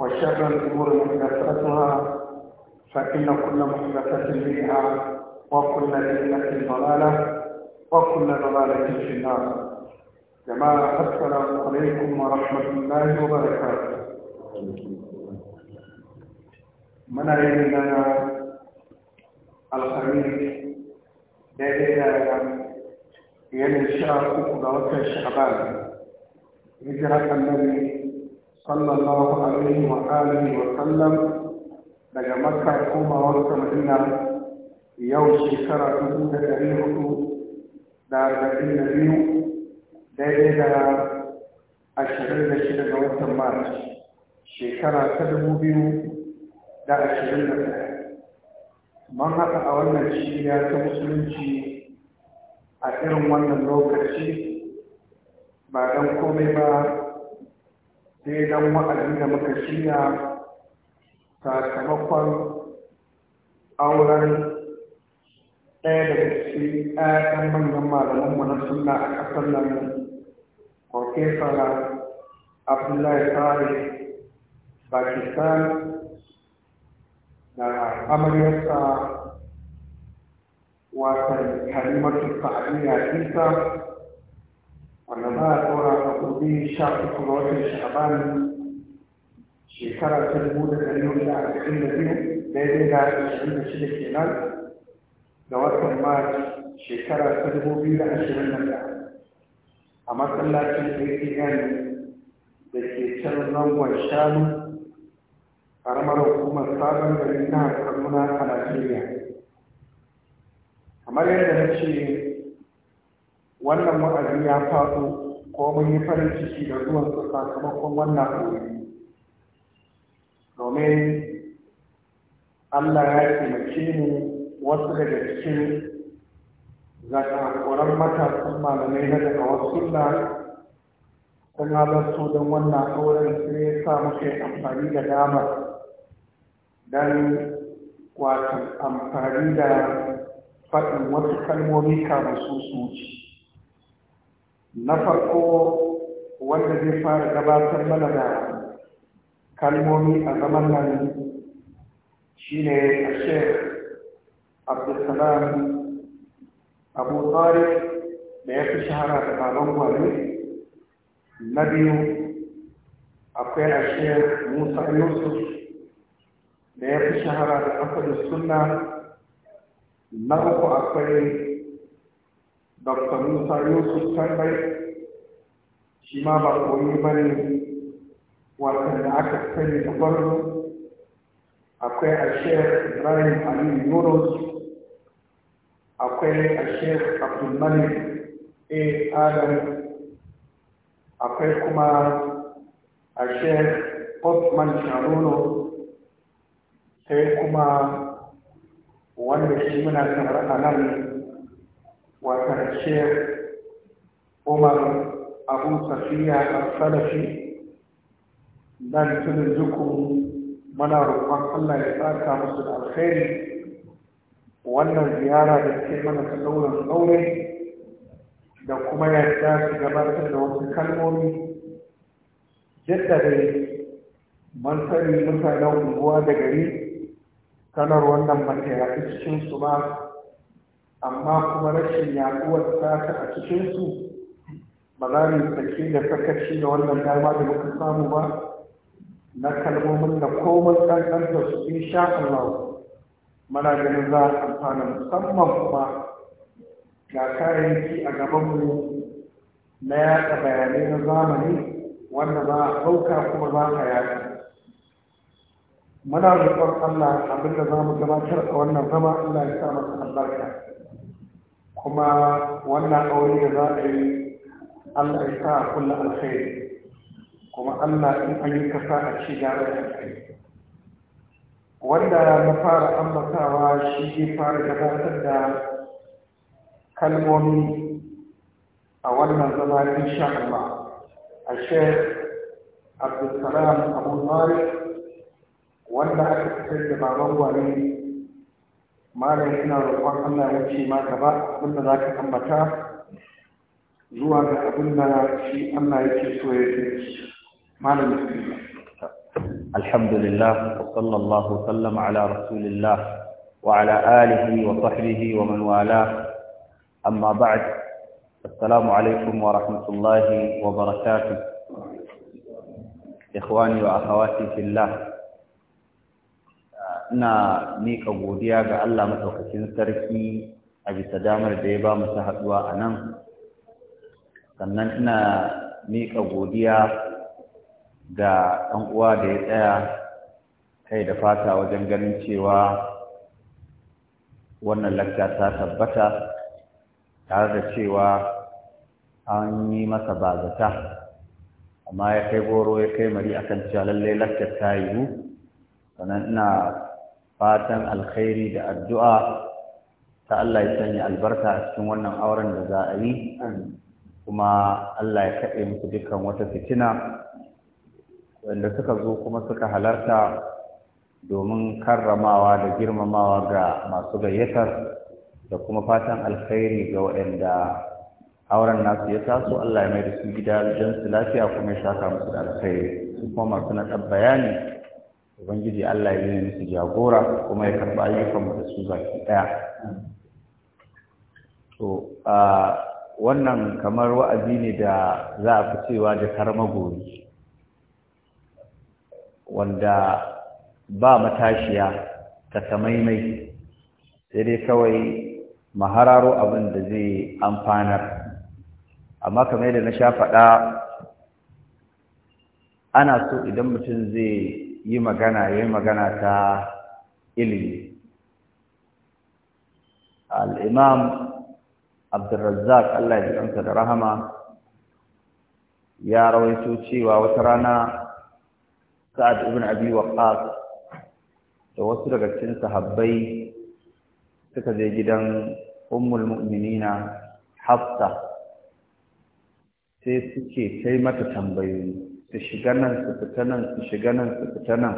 وشر الأمور محدثاتها فإن كل محدثة بدعة وكل بدعة ضلالة وكل ضلالة في النار جماعة السلام عليكم ورحمة الله وبركاته من لنا الخميس دائما يلي شهر أخذ وكا شعبان هجرة النبي sallallahu alaihi wa alihi wa sallam daga makka komawar ta madina yau shekara dubu da ɗari hudu da arba'in da biyu daidai da ashirin da shida ga watan maris shekara ta dubu biyu da ashirin da ɗaya man haka a wannan shirya ta musulunci a irin wannan lokaci ba don komai ba sai dan wa'adin da muka shirya sakamakon auren ɗaya daga cikin ɗayan manyan mu na suna a ƙasar nan profesora abdullahi tsari pakistan da amaryarsa watan kalimatu sa'adiyya isa wanda za a tsora gobe shafi kuma wajen watan sha'aban shekara ta dubu da ɗari hudu da arba'in da biyu daidai da ashirin da shida kenan ga watan mars shekara ta dubu biyu da ashirin nan da ɗaya a masallacin atn da ke can zangon shanu ƙaramar hukumar sabon gari na kaduna a najeriya kamar yadda na ce wannan wa'azi ya faɗo ko mun yi farin ciki da zuwan su sakamakon wannan aure domin Allah ya taimake mu wasu daga cikin zakakuran matasan malamai na daga wasu sunna sun halarto don wannan auren sai ya sa muke amfani da dama don wato amfani da faɗin wasu kalmomi kamar su suci. na farko wanda zai fara gabatar mana da kalmomi a zaman nan shine a sheikh abdulsalam abu tsari da ya fi shahara da baban gwale na biyu akwai ashe musa yusuf da ya fi shahara da kafa da sunna na uku akwai dr musa yusuf tambai shi ma ba koyi ba ne watan da aka sani da barno akwai a shekh ibrahim aliyu yunus akwai a shekh abdulmalik a adam akwai kuma a shekh osman sharuno sai kuma wanda shi muna tare a nan watan shek umar abu safiya a salafi nan tunin zukun muna roƙon allah ya tsaka musu da alkhairi wannan ziyara da ke mana ta ɗaurin da kuma yadda su gabatar da wasu kalmomi yadda dai man sani mutanen unguwa da gari sanar wannan ba ta cikin su ba amma kuma rashin yaduwar sata a cikinsu ba za mu saki da sakaci da wannan dama da muka samu ba na kalmomin da komai kankan da su in sha Allah muna ganin za a amfana musamman kuma ga kayayyaki a gaban mu na yaɗa bayanai na zamani wanda za a ɗauka kuma za a yaɗa muna roƙon Allah abinda za mu gabatar a wannan zama Allah ya sa masa albarka kuma wannan aure da za a yi allah ya sa a alkhairi kuma allah in an yi kasa a ci gaba da alkhairi wanda na fara ambatawa shi ke fara gabatar da kalmomi a wannan zama insha Allah a shek abdulsalam abu wanda aka fitar da baban wani malam ina roƙon Allah ya ce ma gaba abin da za ka ambata zuwa ga abin da shi Allah yake so ya ce malam الحمد لله وصلى الله وسلم على رسول الله وعلى آله وصحبه ومن والاه أما بعد السلام عليكم ورحمة الله وبركاته إخواني وأخواتي في الله ina miƙa godiya ga Allah maɗaukakin sarki a bisa damar da ya ba mu ta haɗuwa a nan sannan ina miƙa godiya ga ɗan uwa da ya tsaya kai da fata wajen ganin cewa wannan lakta ta tabbata tare da cewa an yi masa bazata amma ya kai goro ya kai mari akan cewa lallai lakta ta yiwu sannan ina fatan alkhairi da addu'a ta Allah ya sanya albarka a cikin wannan auren da za a yi kuma Allah ya kaɗe musu dukkan wata fitina wanda suka zo kuma suka halarta domin karramawa da girmamawa ga masu gayyatar da kuma fatan alkhairi ga waɗanda auren nasu ya taso Allah ya mai da su gida don lafiya kuma ya shaka musu da alkhairi su kuma masu na bayani ubangiji Allah ya yi musu jagora kuma ya karɓa ayyukan mu da su baki ɗaya to a wannan kamar wa'azi ne da za a fi cewa da karma gori wanda ba matashiya ta maimai, sai dai kawai mahararo abin da zai amfanar amma kamar yadda na sha faɗa ana so idan mutum zai yi magana ya yi magana ta ilimi al'imam abdulrazzak Allah ya jiransa da rahama ya rawaito cewa wata rana sa'ad ibn abi waqqas da wasu daga cikin sahabbai suka je gidan ummul mu'minina hafsa sai suke kai mata tambayoyi su shiga nan su fita nan su shiga nan su fita nan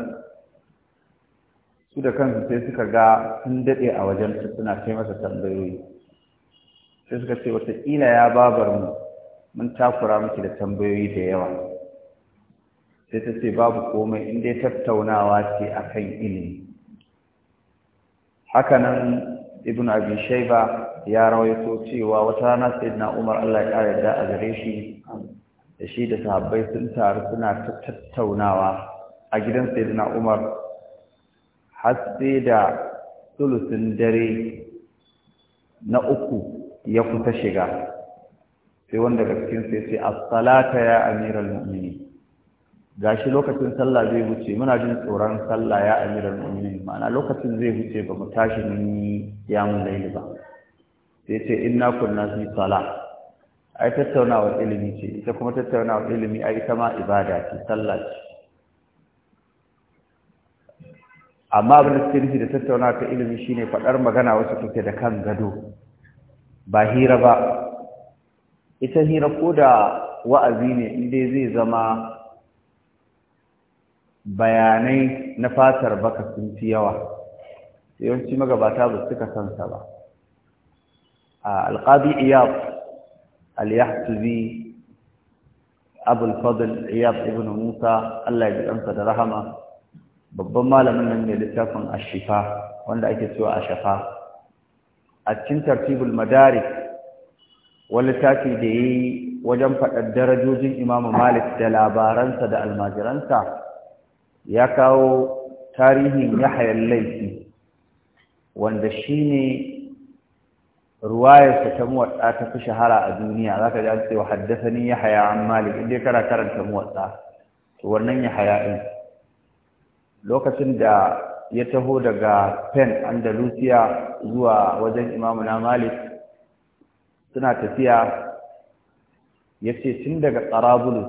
su da kansu sai suka ga sun daɗe a wajen su suna kai masa tambayoyi sai suka ce wataƙila ya babar mu mun takura miki da tambayoyi da yawa sai ta ce babu komai in dai tattaunawa ce a kan ilimi hakanan ibn abi shaiba ya rawaito cewa wata rana na umar Allah ya ƙara yarda a gare shi da shi da sahabbai sun taru suna tattaunawa a gidan sayyidina Umar har sai da sulusin dare na uku ya kusa shiga sai wanda ga cikin sai sai as-salata ya amiral mu'mini gashi lokacin sallah zai wuce muna jin tsoron sallah ya amiral mu'minin ma'ana lokacin zai wuce ba mu tashi ni ya mun laili ba sai ce inna kunna fi salah ai tattaunawar ilimi ce ita kuma tattaunawar ilimi ai ita ma ibada ce sallah ce amma abin da suke nufi da tattaunawa ta ilimi shine faɗar magana wasu take da kan gado ba hira ba ita hira ko da wa'azi ne dai zai zama bayanai na fatar baka sun fi yawa yawanci magabata ba suka san sa ba alqabi iyab al-yahtubi abul fadl iyab ibn musa Allah ya ɗansa da rahama babban malamin nan ne littafin ashifa wanda ake cewa ashafa a cikin tartibul madarik wani littafi da yayi wajen faɗar darajojin imamu malik da labaransa da almajiransa ya kawo tarihin yahayar laifi wanda shine ruwayarsa ta muwatsa ta fi shahara a duniya za ka ji an ce wa haddasani ya haya an malik inda kana karanta muwatsa to wannan ya haya ɗin lokacin da ya taho daga pen andalusiya zuwa wajen imamu na malik suna tafiya ya ce tun daga tsarabulu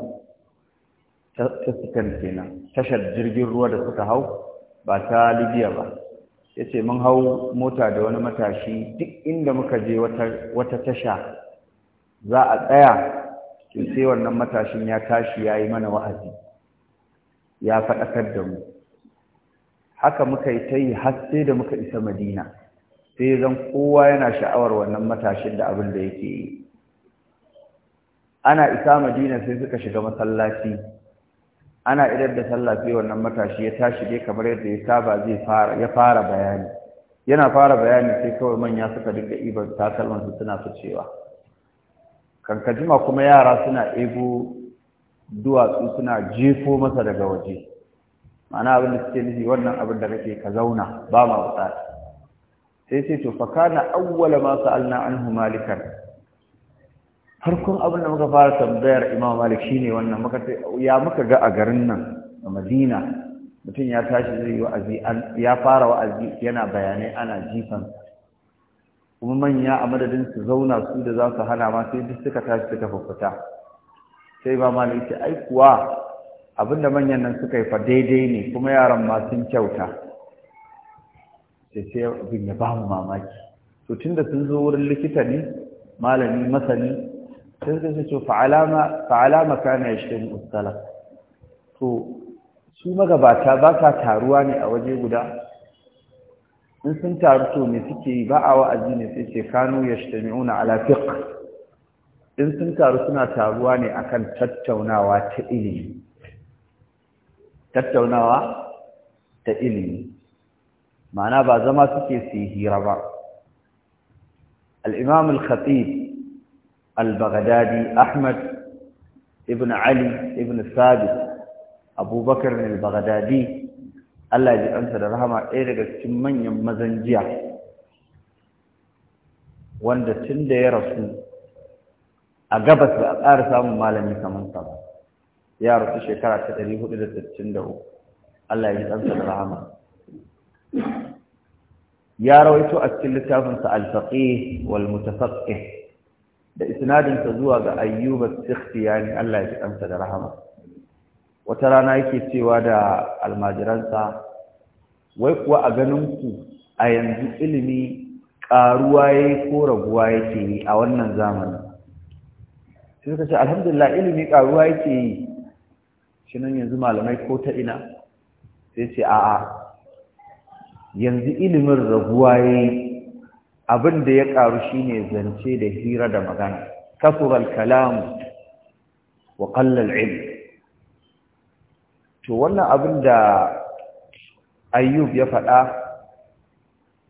ta sukan kenan tashar jirgin ruwa da suka hau ba ta libya ba ya ce mun hau mota da wani matashi duk inda muka je wata tasha za a tsaya sai wannan matashin ya tashi ya yi mana wa'azi ya faɗakar da mu haka muka yi ta yi har sai da muka isa madina sai zan kowa yana sha'awar wannan matashin da abin da yake yi ana isa madina sai suka shiga masallaci ana idar da sallah sai wannan matashi ya tashi dai kamar yadda ya saba zai fara ya fara bayani yana fara bayani sai kawai manya suka dinga ibar takalman su suna ficewa kankajima kuma yara suna ego duwatsu suna jefo masa daga waje ma'ana abin da suke nufi wannan abin da kake ka zauna ba ma buƙata. sai sai to fa kana awwala ma sa'alna anhu malikan kun abin da muka fara tambayar imam malik shine wannan muka ya muka ga a garin nan a madina mutum ya tashi zai yi wa'azi ya fara wa'azi yana bayanai ana jifan kuma manya a madadin su zauna su da za su hana ma sai duk suka tashi suka fafuta sai imam malik ce ai kuwa abin da manyan nan suka yi fa daidai ne kuma yaran ma sun kyauta sai sai abin ya ba mu mamaki to tunda sun zo wurin likita ne malami masani sai suka ce fa'alama ustala to su magabata ba ka taruwa ne a waje guda in sun taru to me suke yi ba a wa'azi ne sai ce kanu yashtami'una ala in sun taru suna taruwa ne akan tattaunawa ta ilimi tattaunawa ta ilimi ma'ana ba zama suke su hira ba al-imam khatib البغدادي أحمد ابن علي ابن الثابت أبو بكر البغدادي الله يجب أن ترى رحمة إيرغة تمن يمزن جيع واند تند يا رسول أقبس بأقار سامو مالا من كمان يا رسول شكرا تتريه إذا تتندعو الله يجب أن ترى رحمة يا رويتو أكتل تابن سأل فقيه والمتفقه da ta zuwa ga ayyuba yani Allah ya kansa da rahama wata rana yake cewa da almajiransa wai kuwa a ganinku a yanzu ilimi ƙaruwa yayi ko raguwa yake yi a wannan zamanin sai suka ce alhamdulillah ilimi ƙaruwa yake yi shi nan yanzu malamai ko ta ina sai ce a'a yanzu ilimin raguwa ya abin da ya ƙaru shi ne zance da hira da magana kasural kalamu wa qallal ilm to wannan abin da ayyub ya faɗa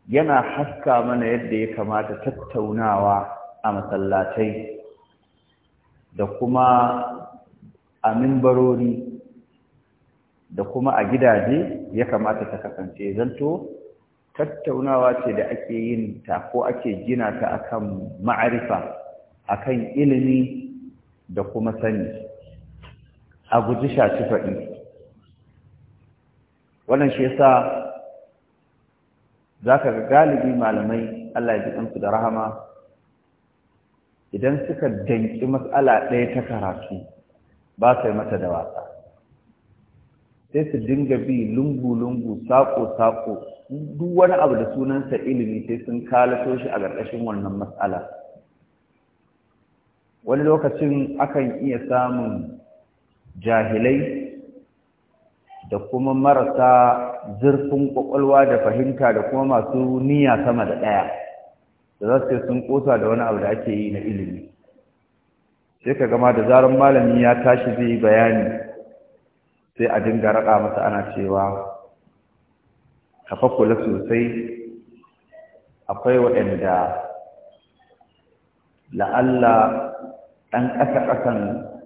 yana haska mana yadda ya kamata tattaunawa a masallatai da kuma a mimbarori da kuma a gidaje ya kamata ta kasance zanto tattaunawa ce da ake yin ta ko ake gina ta akan ma'arifa akan ilimi da kuma sani a guji shafi faɗi wannan shi yasa ka ga galibi malamai Allah ya ji ɗansu da rahama idan suka danki matsala ɗaya ta karatu ba sai mata da wasa sai su dinga bi lungu-lungu saƙo-saƙo. duk wani abu da sunansa ilimi sai sun kalato shi a ƙarƙashin wannan matsala wani lokacin akan iya samun jahilai da kuma marasa zurfin ƙwaƙwalwa da fahimta da kuma masu niyya sama da ɗaya da za su sun ƙosa da wani abu da ake yi na ilimi sai ka gama da zarar malami ya tashi zai bayani sai a dinga raɗa masa ana cewa ka kula sosai akwai waɗanda la'alla ɗan ƙasa-ƙasan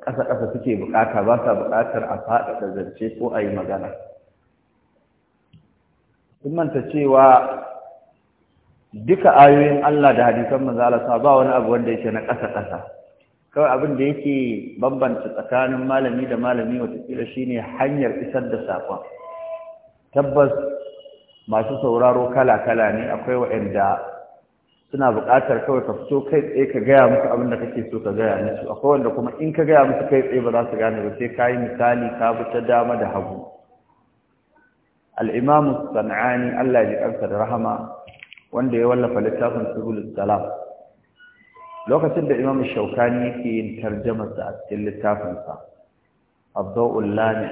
ƙasa-ƙasa suke buƙata ba sa buƙatar a faɗaɗa zance ko a yi magana sun manta cewa duka ayoyin Allah da hadisan manzala sa ba wani abu wanda yake na ƙasa-ƙasa kawai abin da yake bambanta tsakanin malami da malami watakila shine hanyar isar da saƙon tabbas masu sauraro kala-kala ne akwai waɗanda suna buƙatar kawai ka fito kai tsaye ka gaya musu abinda da kake so ka gaya musu akwai wanda kuma in ka gaya musu kai tsaye ba za su gane ba sai ka yi misali ka bi ta dama da hagu al'imamu sana'ani allah ya ƙarsa da rahama wanda ya wallafa littafin subulus salam lokacin da imamu shaukani yake yin tarjamarsa a cikin littafinsa abdu'ul lami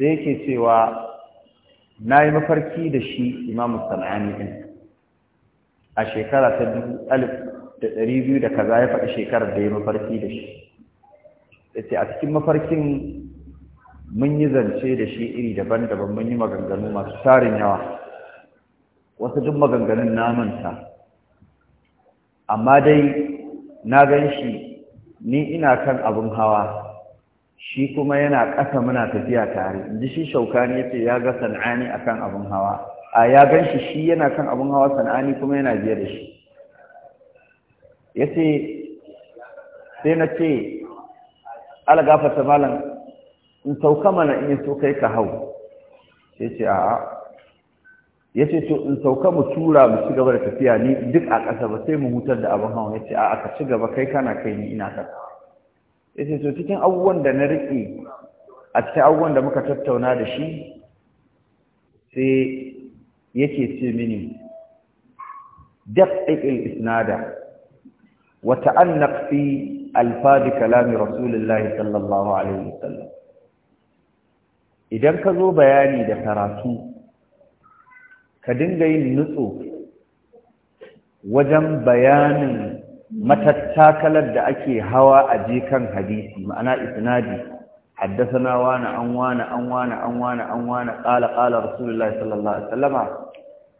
sai yake cewa na yi mafarki da shi imamu sana'ani din a shekara ta dubu alif da ɗari biyu da kaza ya faɗi shekarar da ya mafarki da shi ce a cikin mafarkin mun yi zance da shi iri daban-daban mun yi maganganu masu tarin yawa wasu duk maganganun na manta amma dai na gan shi ni ina kan abin hawa shi kuma yana ƙasa muna tafiya tare inji shi shaukani yace ya ga san'ani akan abun hawa a ya ganshi shi yana kan abun hawa san'ani kuma yana biye da shi yace sai na ce ala gafarta malam in sauka mana in so kai ka hau sai ce a'a yace to in sauka mu tura mu ci gaba da tafiya ni duk a ƙasa ba sai mu hutar da abun hawa yace a'a ka ci gaba kai kana kai ni ina ka. yace to cikin abubuwan da na rike a cikin abubuwan da muka tattauna da shi sai yake ce mini دقق isnada وتأنق في ألفاظ كلام رسول الله صلى الله عليه idan ka zo bayani da karatu ka dinga yin nutso wajen bayanin matattakalar da ake hawa a jikan hadisi ma'ana isnadi wa, na an na an na an na an na ƙala ƙala rasulullahi sallallahu alaihi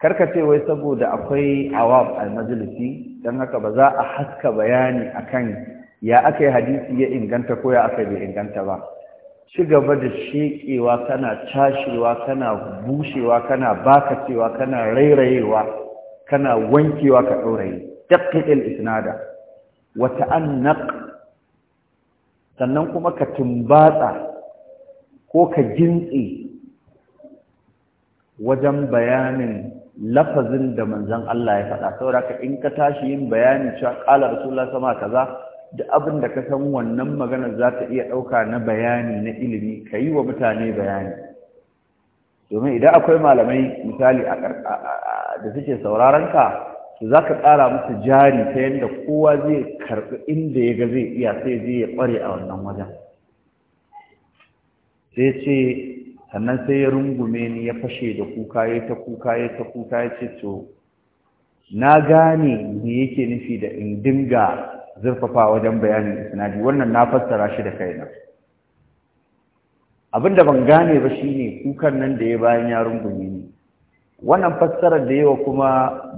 karka ce wai saboda akwai awab al-majlisi, dan haka ba za a haska bayani akan ya aka hadisi ya inganta ko ya aka bai inganta ba ci gaba da shekewa kana cashewa kana bushewa kana baka cewa kana rairayewa kana wankewa ka ɗauraye daƙiƙ al'isnada isnada wa sannan kuma ka tumbatsa ko ka jintse wajen bayanin lafazin da manzan Allah ya faɗa saboda ka in ka tashi yin bayani cewa qala rasulullah sama kaza da abin da ka san wannan maganar za ta iya ɗauka na bayani na ilimi ka yi wa mutane bayani domin idan akwai malamai misali da suke sauraron ka za ka ƙara musu jari ta yadda kowa zai karɓi inda ya ga zai iya sai zai ya ƙware a wannan wajen sai ce sannan sai ya rungume ni ya fashe da kuka ya ta kuka ya ta kuka ya ce to na gane me yake nufi da in dinga zurfafa wajen bayanin isnadi wannan na fassara shi da kaina abinda ban gane ba shine kukan nan da ya bayan ya rungume ni wannan fassarar da yawa kuma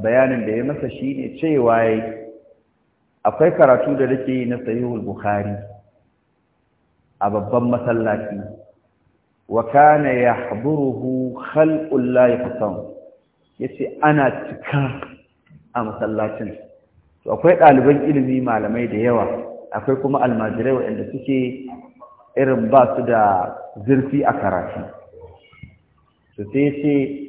bayanin da ya masa shi ne cewa akwai karatu da nake yi na sahihul bukhari a babban masallaci wa kana yahburuhu khalqul la Ya yace ana cika a masallacin to akwai ɗaliban ilimi malamai da yawa akwai kuma almajirai waɗanda suke irin ba su da zurfi a karatu to sai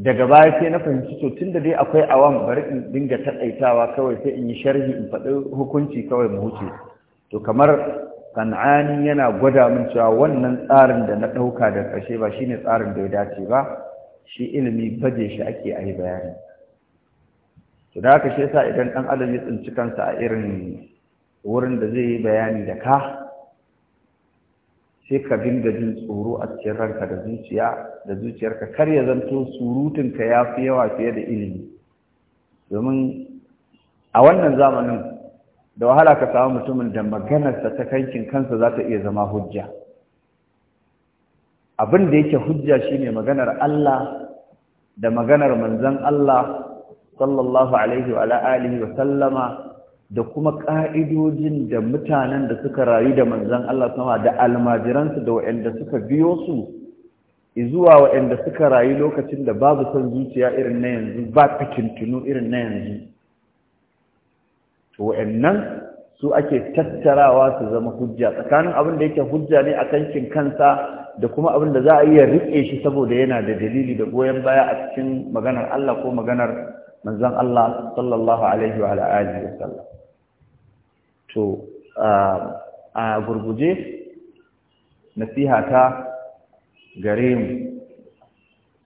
daga baya sai na fahimci to tun da dai akwai awam bari in dinga taɗaitawa kawai sai in yi sharhi in faɗi hukunci kawai mu huce to kamar kan'ani yana gwada min cewa wannan tsarin da na ɗauka da ƙarshe ba shine tsarin da ya dace ba shi ilimi baje shi ake a yi bayani to da haka shi yasa idan ɗan adam ya tsinci kansa a irin wurin da zai yi bayani da ka sai ka dinga jin tsoro a cikin ranka da zuciya da zuciyarka kar ya zanto surutunka ya fi yawa fiye da ilimi domin a wannan zamanin da wahala ka samu mutumin da maganarsa ta kankin kansa za ta iya zama hujja abin da yake hujja shine maganar Allah da maganar manzon Allah sallallahu alaihi wa alihi wa sallama da kuma ƙa'idojin da mutanen da suka rayu da manzan Allah sama da almajiransu da waɗanda suka biyo su zuwa waɗanda suka rayu lokacin da babu son zuciya irin na yanzu ba fitintunu irin na yanzu to waɗannan su ake tattarawa su zama hujja tsakanin abin da yake hujja ne a kankin kansa da kuma abin da za a iya riƙe shi saboda yana da dalili da goyon baya a cikin maganar Allah ko maganar manzon Allah sallallahu alaihi wa alihi wa to a gurguje nasiha ta gare mu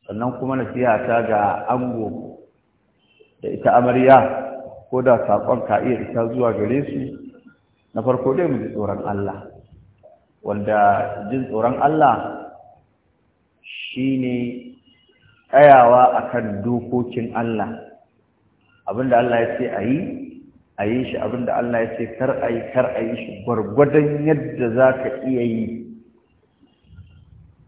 sannan kuma siya ta ga ango da ita amarya ko da saƙon ka iya ita zuwa gare su na farko dai mu ji tsoron Allah wanda jin tsoron Allah shine tsayawa akan dokokin Allah abinda Allah ya ce a yi a yi shi abinda Allah ya ce kar a yi kar a yi shi gwargwadon yadda za ka iya yi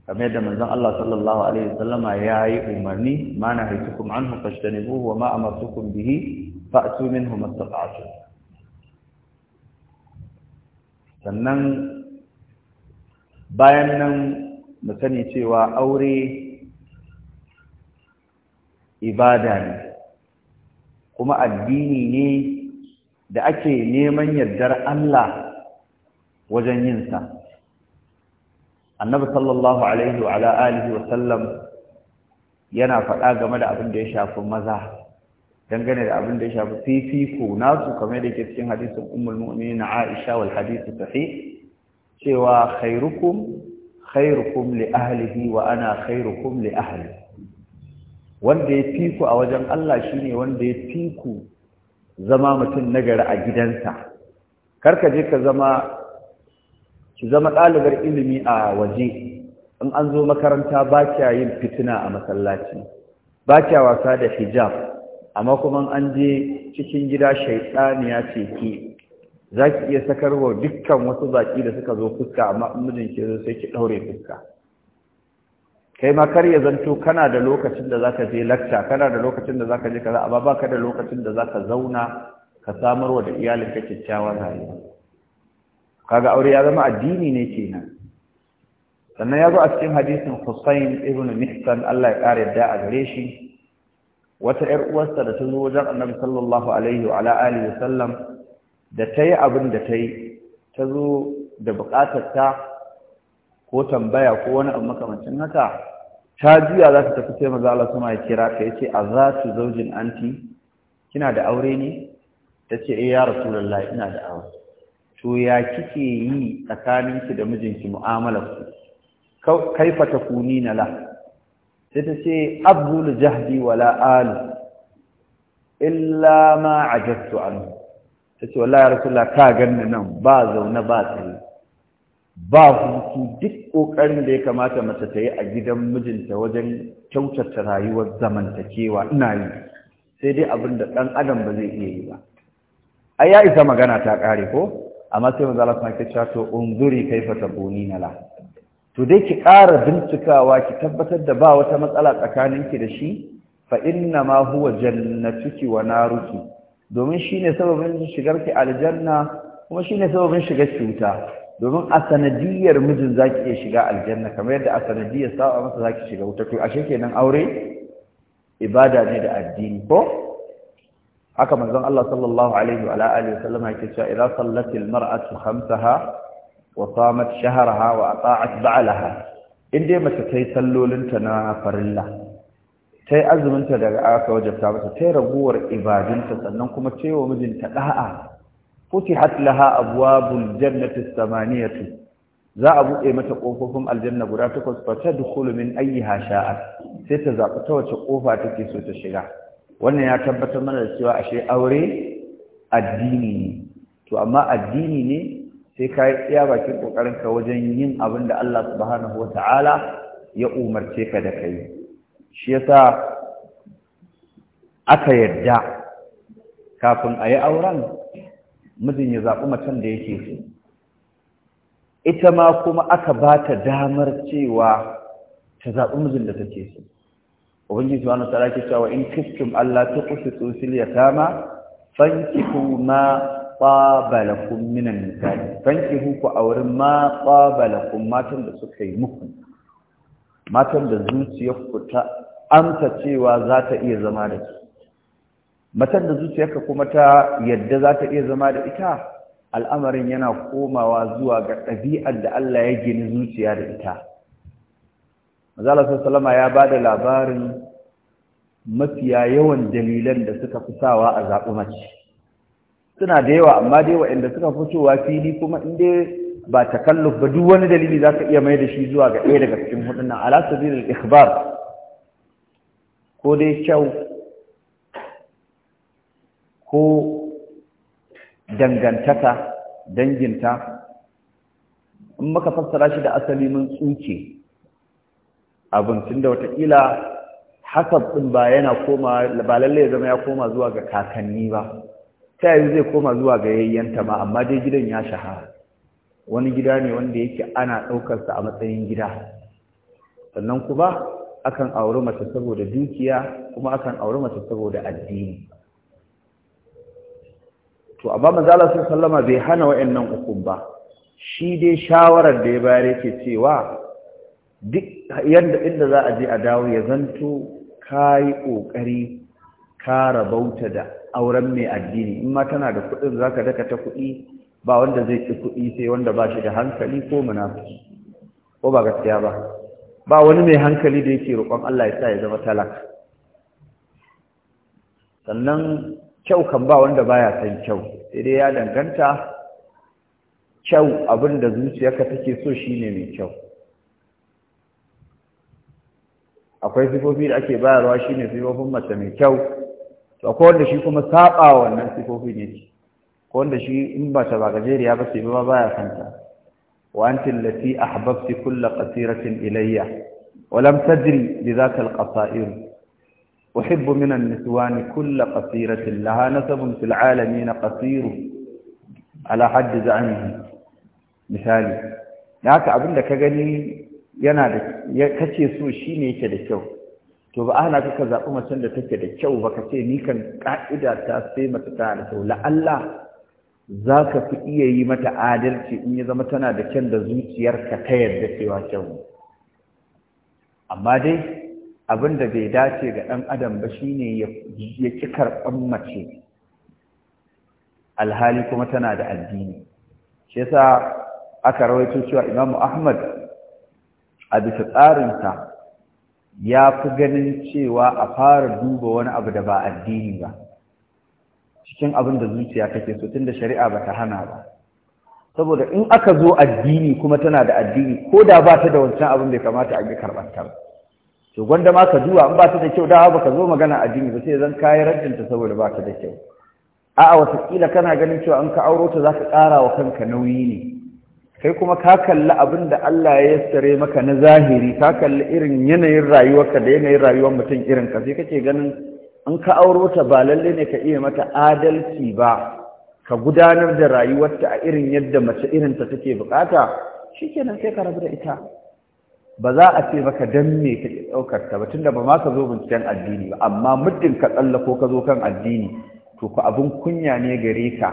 kamar da manzon Allah sallallahu alaihi wasallama yayi umarni mana haitukum anhu fashtanibuhu wa ma amartukum bihi fa'tu minhu mastata'tum sannan bayan nan mu sani cewa aure ibada ne kuma addini ne da ake neman yardar Allah wajen yinsa annabi sallallahu alaihi wa ala alihi wa sallam yana faɗa game da abin da ya shafi maza dangane da abin da ya shafi fifiko nasu kamar da ke cikin hadisin ummul mu'minin Aisha wal hadisi sahih cewa khairukum khairukum li ahlihi wa ana khairukum li ahli wanda ya fiku a wajen Allah shine wanda ya fiku zama mutum nagari a gidansa karka je ka zama ki zama ɗalibar ilimi a waje in an zo makaranta ba kya yin fitina a masallaci ba kya wasa da hijab amma kuma an je cikin gida shaiɗaniya ce ki za ki iya sakarwa dukkan wasu zaƙi da suka zo fuska amma mijin ke zo sai ki ɗaure fuska kai ma kar ya zanto kana da lokacin da zaka je lakta kana da lokacin da zaka je kaza amma baka da lokacin da zaka zauna ka samarwa da iyalinka kyakkyawan rayuwa kaga aure ya zama addini ne kenan sannan ya zo a cikin hadisin Hussein ibn Mihsan Allah ya kare da a gare shi wata ƴar uwarsa da ta zo wajen Annabi sallallahu alaihi wa alihi da ta yi abin da ta yi ta zo da buƙatar ta ko tambaya ko wani abu makamancin haka ta juya za ta tafi sai maza Allah sama ya kira ka yace a za tu zaujin anti kina da aure ne tace eh ya rasulullahi ina da aure to ya kike yi tsakaninki da mijinki mu'amalar ku kuni na la sai ta ce abdul jahdi wala alu illa ma ajabtu Ta ce wallahi ya rasulullah ka ganna nan ba zaune ba tsaye ba hutu duk kokarin da ya kamata mace ta yi a gidan mijinta wajen kyautata rayuwar zamantakewa ina yi sai dai abin da dan adam ba zai iya yi ba ai ya isa magana ta kare ko amma sai manzo Allah ke cewa to unzuri kaifa na la. to dai ki ƙara bincikawa ki tabbatar da ba wata matsala tsakaninki da shi fa inna ma huwa jannatuki wa naruki domin shine sababin shigarki aljanna kuma shine sababin shigar cuta domin a sanadiyar mijin zaki iya shiga aljanna kamar yadda a sanadiyar sa'a masa zaki shiga wuta to ashe kenan aure ibada ne da addini ko haka manzon Allah sallallahu alaihi wa alihi wasallam yake cewa idza sallatil mar'atu khamsaha wa samat shahraha wa ata'at ba'laha in dai mace sallolin ta na farilla tai azuminta daga aka wajabta mata tai raguwar ibadunta, sannan kuma ce wa mijinta da'a futihat laha abwabul jannati as-samaniyatu za a buɗe mata ƙofofin aljanna guda takwas fa tadkhulu min ayyiha sha'at sai ta zaɓi ta wace ƙofa take so ta shiga wannan ya tabbatar mana da cewa ashe aure addini ne to amma addini ne sai ka iya bakin kokarin ka wajen yin abin da Allah subhanahu Ta'ala ya umarce ka da kai shi yasa aka yarda kafin a yi auren mijin ya zaɓi macen da yake so ita ma kuma aka ba ta damar cewa ta zaɓi mijin da take so ubangiji subhanahu wa ta'ala ke cewa in kuntum alla tuqsitu fil yatama fankihu ma qabalakum minan nisa'i fankihu ku aurin ma qabalakum matan da suka yi muku matan da zuciyarku ta amsa cewa za ta iya zama da ki, matan da zuciyarka kuma ta yadda za ta iya zama da ita al'amarin yana komawa zuwa ga ɗabi'ar da Allah ya gini zuciya da ita manzala Salama ya ba da labarin mafiya yawan dalilan da suka fi sawa a zaɓi mace suna da yawa amma da yawa inda suka fitowa fili kuma in dai ba kallo ba duk wani dalili za ka iya mai da shi zuwa ga ɗaya daga cikin hudun nan ala da ikhbar ko dai kyau ko dangantaka danginta in muka fassara shi da asali mun tsuke abin tun da watakila hasab ɗin ba yana koma ba lalle ya zama ya koma zuwa ga kakanni ba ta yi zai koma zuwa ga yayyanta ma amma dai gidan ya shahara wani gida ne wanda yake ana ɗaukarsa a matsayin gida sannan kuma akan auri mace saboda dukiya kuma akan auri mace saboda addini to amma manzala sun sallama bai hana wa'annan hukum ba shi dai shawarar da ya bayar yake cewa duk yadda inda za a je a dawo ya zanto ka yi ƙoƙari ka rabauta da auren mai addini in ma tana da kuɗin za ka daka ta kuɗi ba wanda zai ci kuɗi sai wanda ba shi da hankali ko munafiki ko ba gaskiya ba ba wani mai hankali da yake roƙon Allah ya sa ya zama talaka sannan kyau kan ba wanda baya san kyau sai dai ya danganta kyau abin da zuciyarka take so shine mai kyau akwai sifofi da ake bayarwa shine sifofin mace mai kyau to akwai wanda shi kuma saba wannan sifofi ne yake ko wanda shi in ba ta ba gajeriya ba sai ba baya kanta wa anti allati ahbabti kull qasiratin ilayya wa lam tadri bi dhaka al qasair uhibbu min an niswan kull qasiratin laha nasabun fil alamin qasir ala hadd za'mihi misali da haka abinda ka gani yana da kace so ne yake da kyau to ba ana kaka zaɓi macen da take da kyau ba ka ce ni kan ƙa'ida ta sai mata ta da kyau la'alla za ka fi iya yi mata adalci in ya zama tana da kyan da zuciyarka ta yarda cewa kyau amma dai abin da bai dace ga ɗan adam ba shine ya ƙi karɓan mace alhali kuma tana da addini shi yasa aka rawaito cewa imamu ahmad a bisa tsarinsa ya fi ganin cewa a fara duba wani abu da ba addini ba cikin abin da zuciya take so da shari'a ba ta hana ba saboda in aka zo addini kuma tana da addini ko da ba ta da wancan abin bai kamata a yi karɓanta to gwanda ma ka duba in ba ta da kyau da ba ka zo magana addini ba sai zan kayi rajinta saboda ba ta da kyau a'a wataƙila kana ganin cewa in ka auro ta za ka ƙara wa kanka nauyi ne kai kuma ka kalli abin da Allah ya yassare maka na zahiri ka kalli irin yanayin rayuwarka da yanayin rayuwar mutum irin ka sai kake ganin an ka auro ta ba lalle ne ka iya mata adalci ba ka gudanar da rayuwarta a irin yadda mace irin ta take bukata shikenan sai ka rabu da ita ba za a ce maka dan me ka daukar ta ba tunda ba ma ka zo binciken addini ba amma muddin ka tsallako ka zo kan addini to ku abin kunya ne gare ka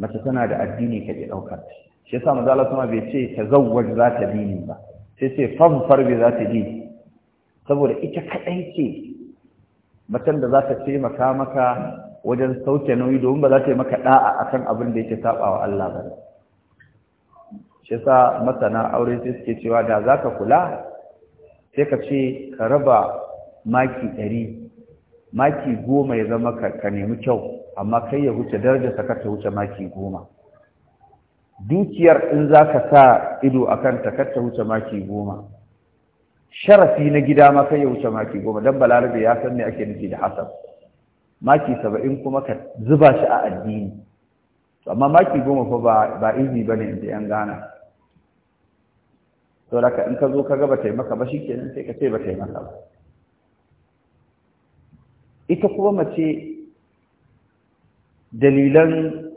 mace tana da addini ka ke daukar ta shi yasa manzo Allah kuma bai ce tazawwaj za ta dini ba sai ce fam farbe za ta dini saboda ita kadai ce matan da za ta taimaka maka wajen sauke nauyi domin ba za ta yi maka da'a akan abin da yake wa Allah ba shi yasa masana aure sai suke cewa da za ka kula sai ka ce ka raba maki ɗari maki goma ya zama ka nemi kyau amma kai ya huce darajarsa ka ta huce maki goma dukiyar in za ka sa ido a kanta kar ta wuce maki goma sharafi na gida ma kai ya wuce maki goma don balarabe ya san me ake nufi da hasab maki saba'in kuma ka zuba shi a addini amma maki goma fa ba izi ba ne inda yan gana to haka in ka zo ka ga ba taimaka ba shikenan sai ka ce ba taimaka ba ita kuma mace dalilan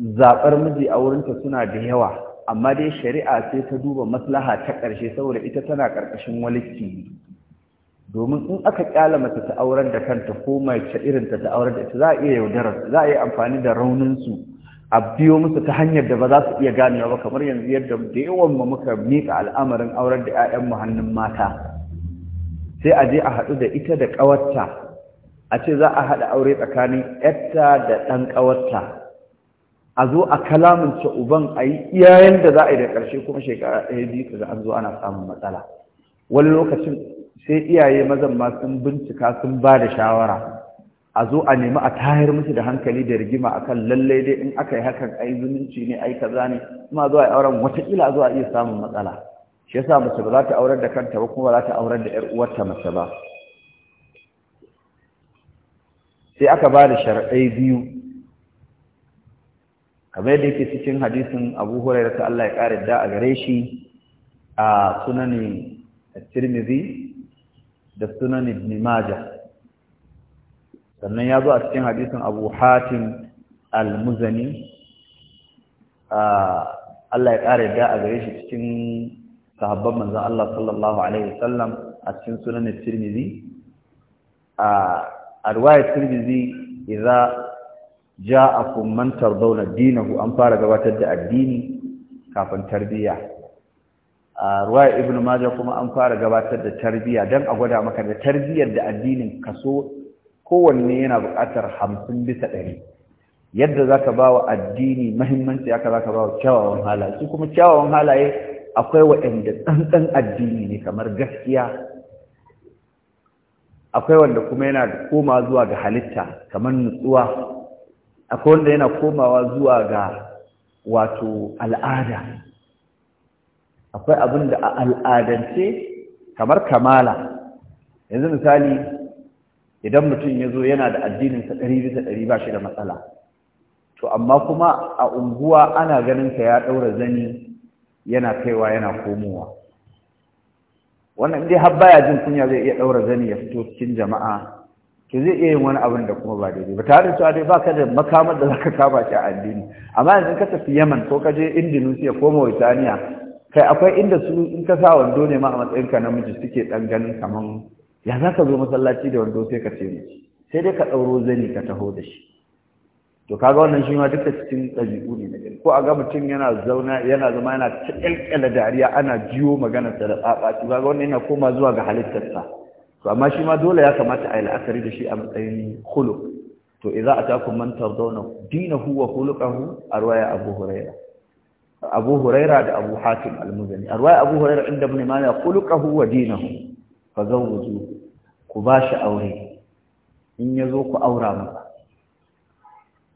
zaɓar miji a wurinta suna da yawa amma dai shari'a sai ta duba maslaha ta ƙarshe saboda ita tana ƙarƙashin walicci domin in aka ƙyale mace ta auren da kanta ko mace irinta ta auren da ita za a iya yaudarar za a yi amfani da rauninsu a biyo musu ta hanyar da ba za su iya ganewa ba kamar yanzu yadda da yawan mu muka mika al'amarin auren da 'ya'yan mu hannun mata sai a je a haɗu da ita da ƙawarta a ce za a haɗa aure tsakanin 'yarta da ɗan ƙawarta a zo a kalamunce uban a yi iyayen da za a yi da ƙarshe kuma shekara ɗaya biyu ka ga an zo ana samun matsala wani lokacin sai iyaye mazan ma sun bincika sun ba da shawara a zo a nemi a tayar musu da hankali da rigima akan lallai dai in aka yi hakan a yi zumunci ne yi kaza ne kuma zuwa a auren watakila zuwa iya samun matsala shi yasa mace ba za ta aurar da kanta ba kuma ba za ta aurar da 'yar uwarta mace ba sai aka ba da sharaɗai biyu kamar yadda yake cikin hadisin Abu Hurairah ta Allah ya kare da a gare shi a sunanin Tirmidhi da sunan Ibn sannan ya zo a cikin hadisin Abu hatin almuzani muzani Allah ya kare da a gare shi cikin sahabban manzan Allah sallallahu alaihi wasallam a cikin sunan Tirmidhi a arwayat Tirmidhi idza ja'akum man tardawna dinahu an fara gabatar da addini kafin tarbiya a ruwaya ibnu majah kuma an fara gabatar da tarbiya dan a gwada maka da tarbiyar da addinin kaso kowanne yana buƙatar 50 bisa 100 yadda zaka wa addini muhimmanci haka zaka wa kyawawan halaye su kuma kyawawan halaye akwai waɗanda ɗanɗan addini ne kamar gaskiya akwai wanda kuma yana koma zuwa ga halitta kamar nutsuwa akwai wanda yana komawa zuwa ga wato al'ada akwai abin da a al'adance kamar kamala yanzu misali idan mutum ya zo yana da addininsa ɗari bisa ɗari ba shi da matsala to amma kuma a unguwa ana ganin ka ya ɗaura zani yana kaiwa yana komowa wannan dai har baya jin kunya zai iya ɗaura zani ya fito cikin jama'a to zai iya yin wani abin da kuma ba daidai ba tare da cewa dai baka da makamar da zaka kama shi a addini amma yanzu ka tafi yaman, ko ka je Indonesia ko Mauritania kai akwai inda su in ka sa wando ne ma a matsayin ka namiji suke dan ganin kaman ya za ka zo masallaci da wando sai ka ce ni sai dai ka dauro zani ka taho da shi to kaga wannan shi ma duka cikin ɗabi'u ne na ko a ga mutum yana zauna yana zama yana kyalkyala dariya ana jiyo magana da tsatsa kaga wannan yana koma zuwa ga halittarsa to amma shi ma dole ya kamata a yi la'akari da shi a matsayin hulu to idza atakum man tardawna dinahu wa khuluquhu arwaya abu huraira abu huraira da abu hatim al-muzani arwaya abu huraira inda ibn malik khuluquhu wa dinahu fazawwiju ku bashi aure in ya zo ku aura maka?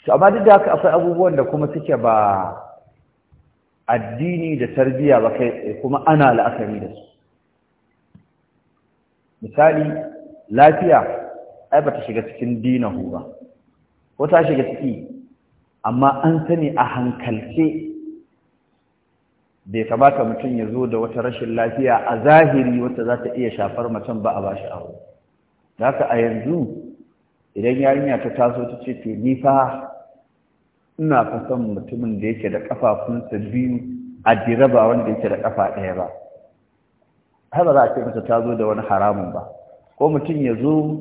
to amma duk da haka akwai abubuwan da kuma suke ba addini da tarbiyya ba kai kuma ana la'akari da su misali lafiya ai ba ta shiga cikin dinahu ba ko ta shiga ciki amma an sani a hankalce bai kamata mutum ya zo da wata rashin lafiya a zahiri wata za ta iya shafar mutum ba a ba shi abu da haka a yanzu idan yarinya ta taso ta ce to ni fa ina fa son mutumin da yake da ƙafafunsa biyu a diraba wanda yake da ƙafa ɗaya ba har ba za a ce mata ta zo da wani haramun ba ko mutum ya zo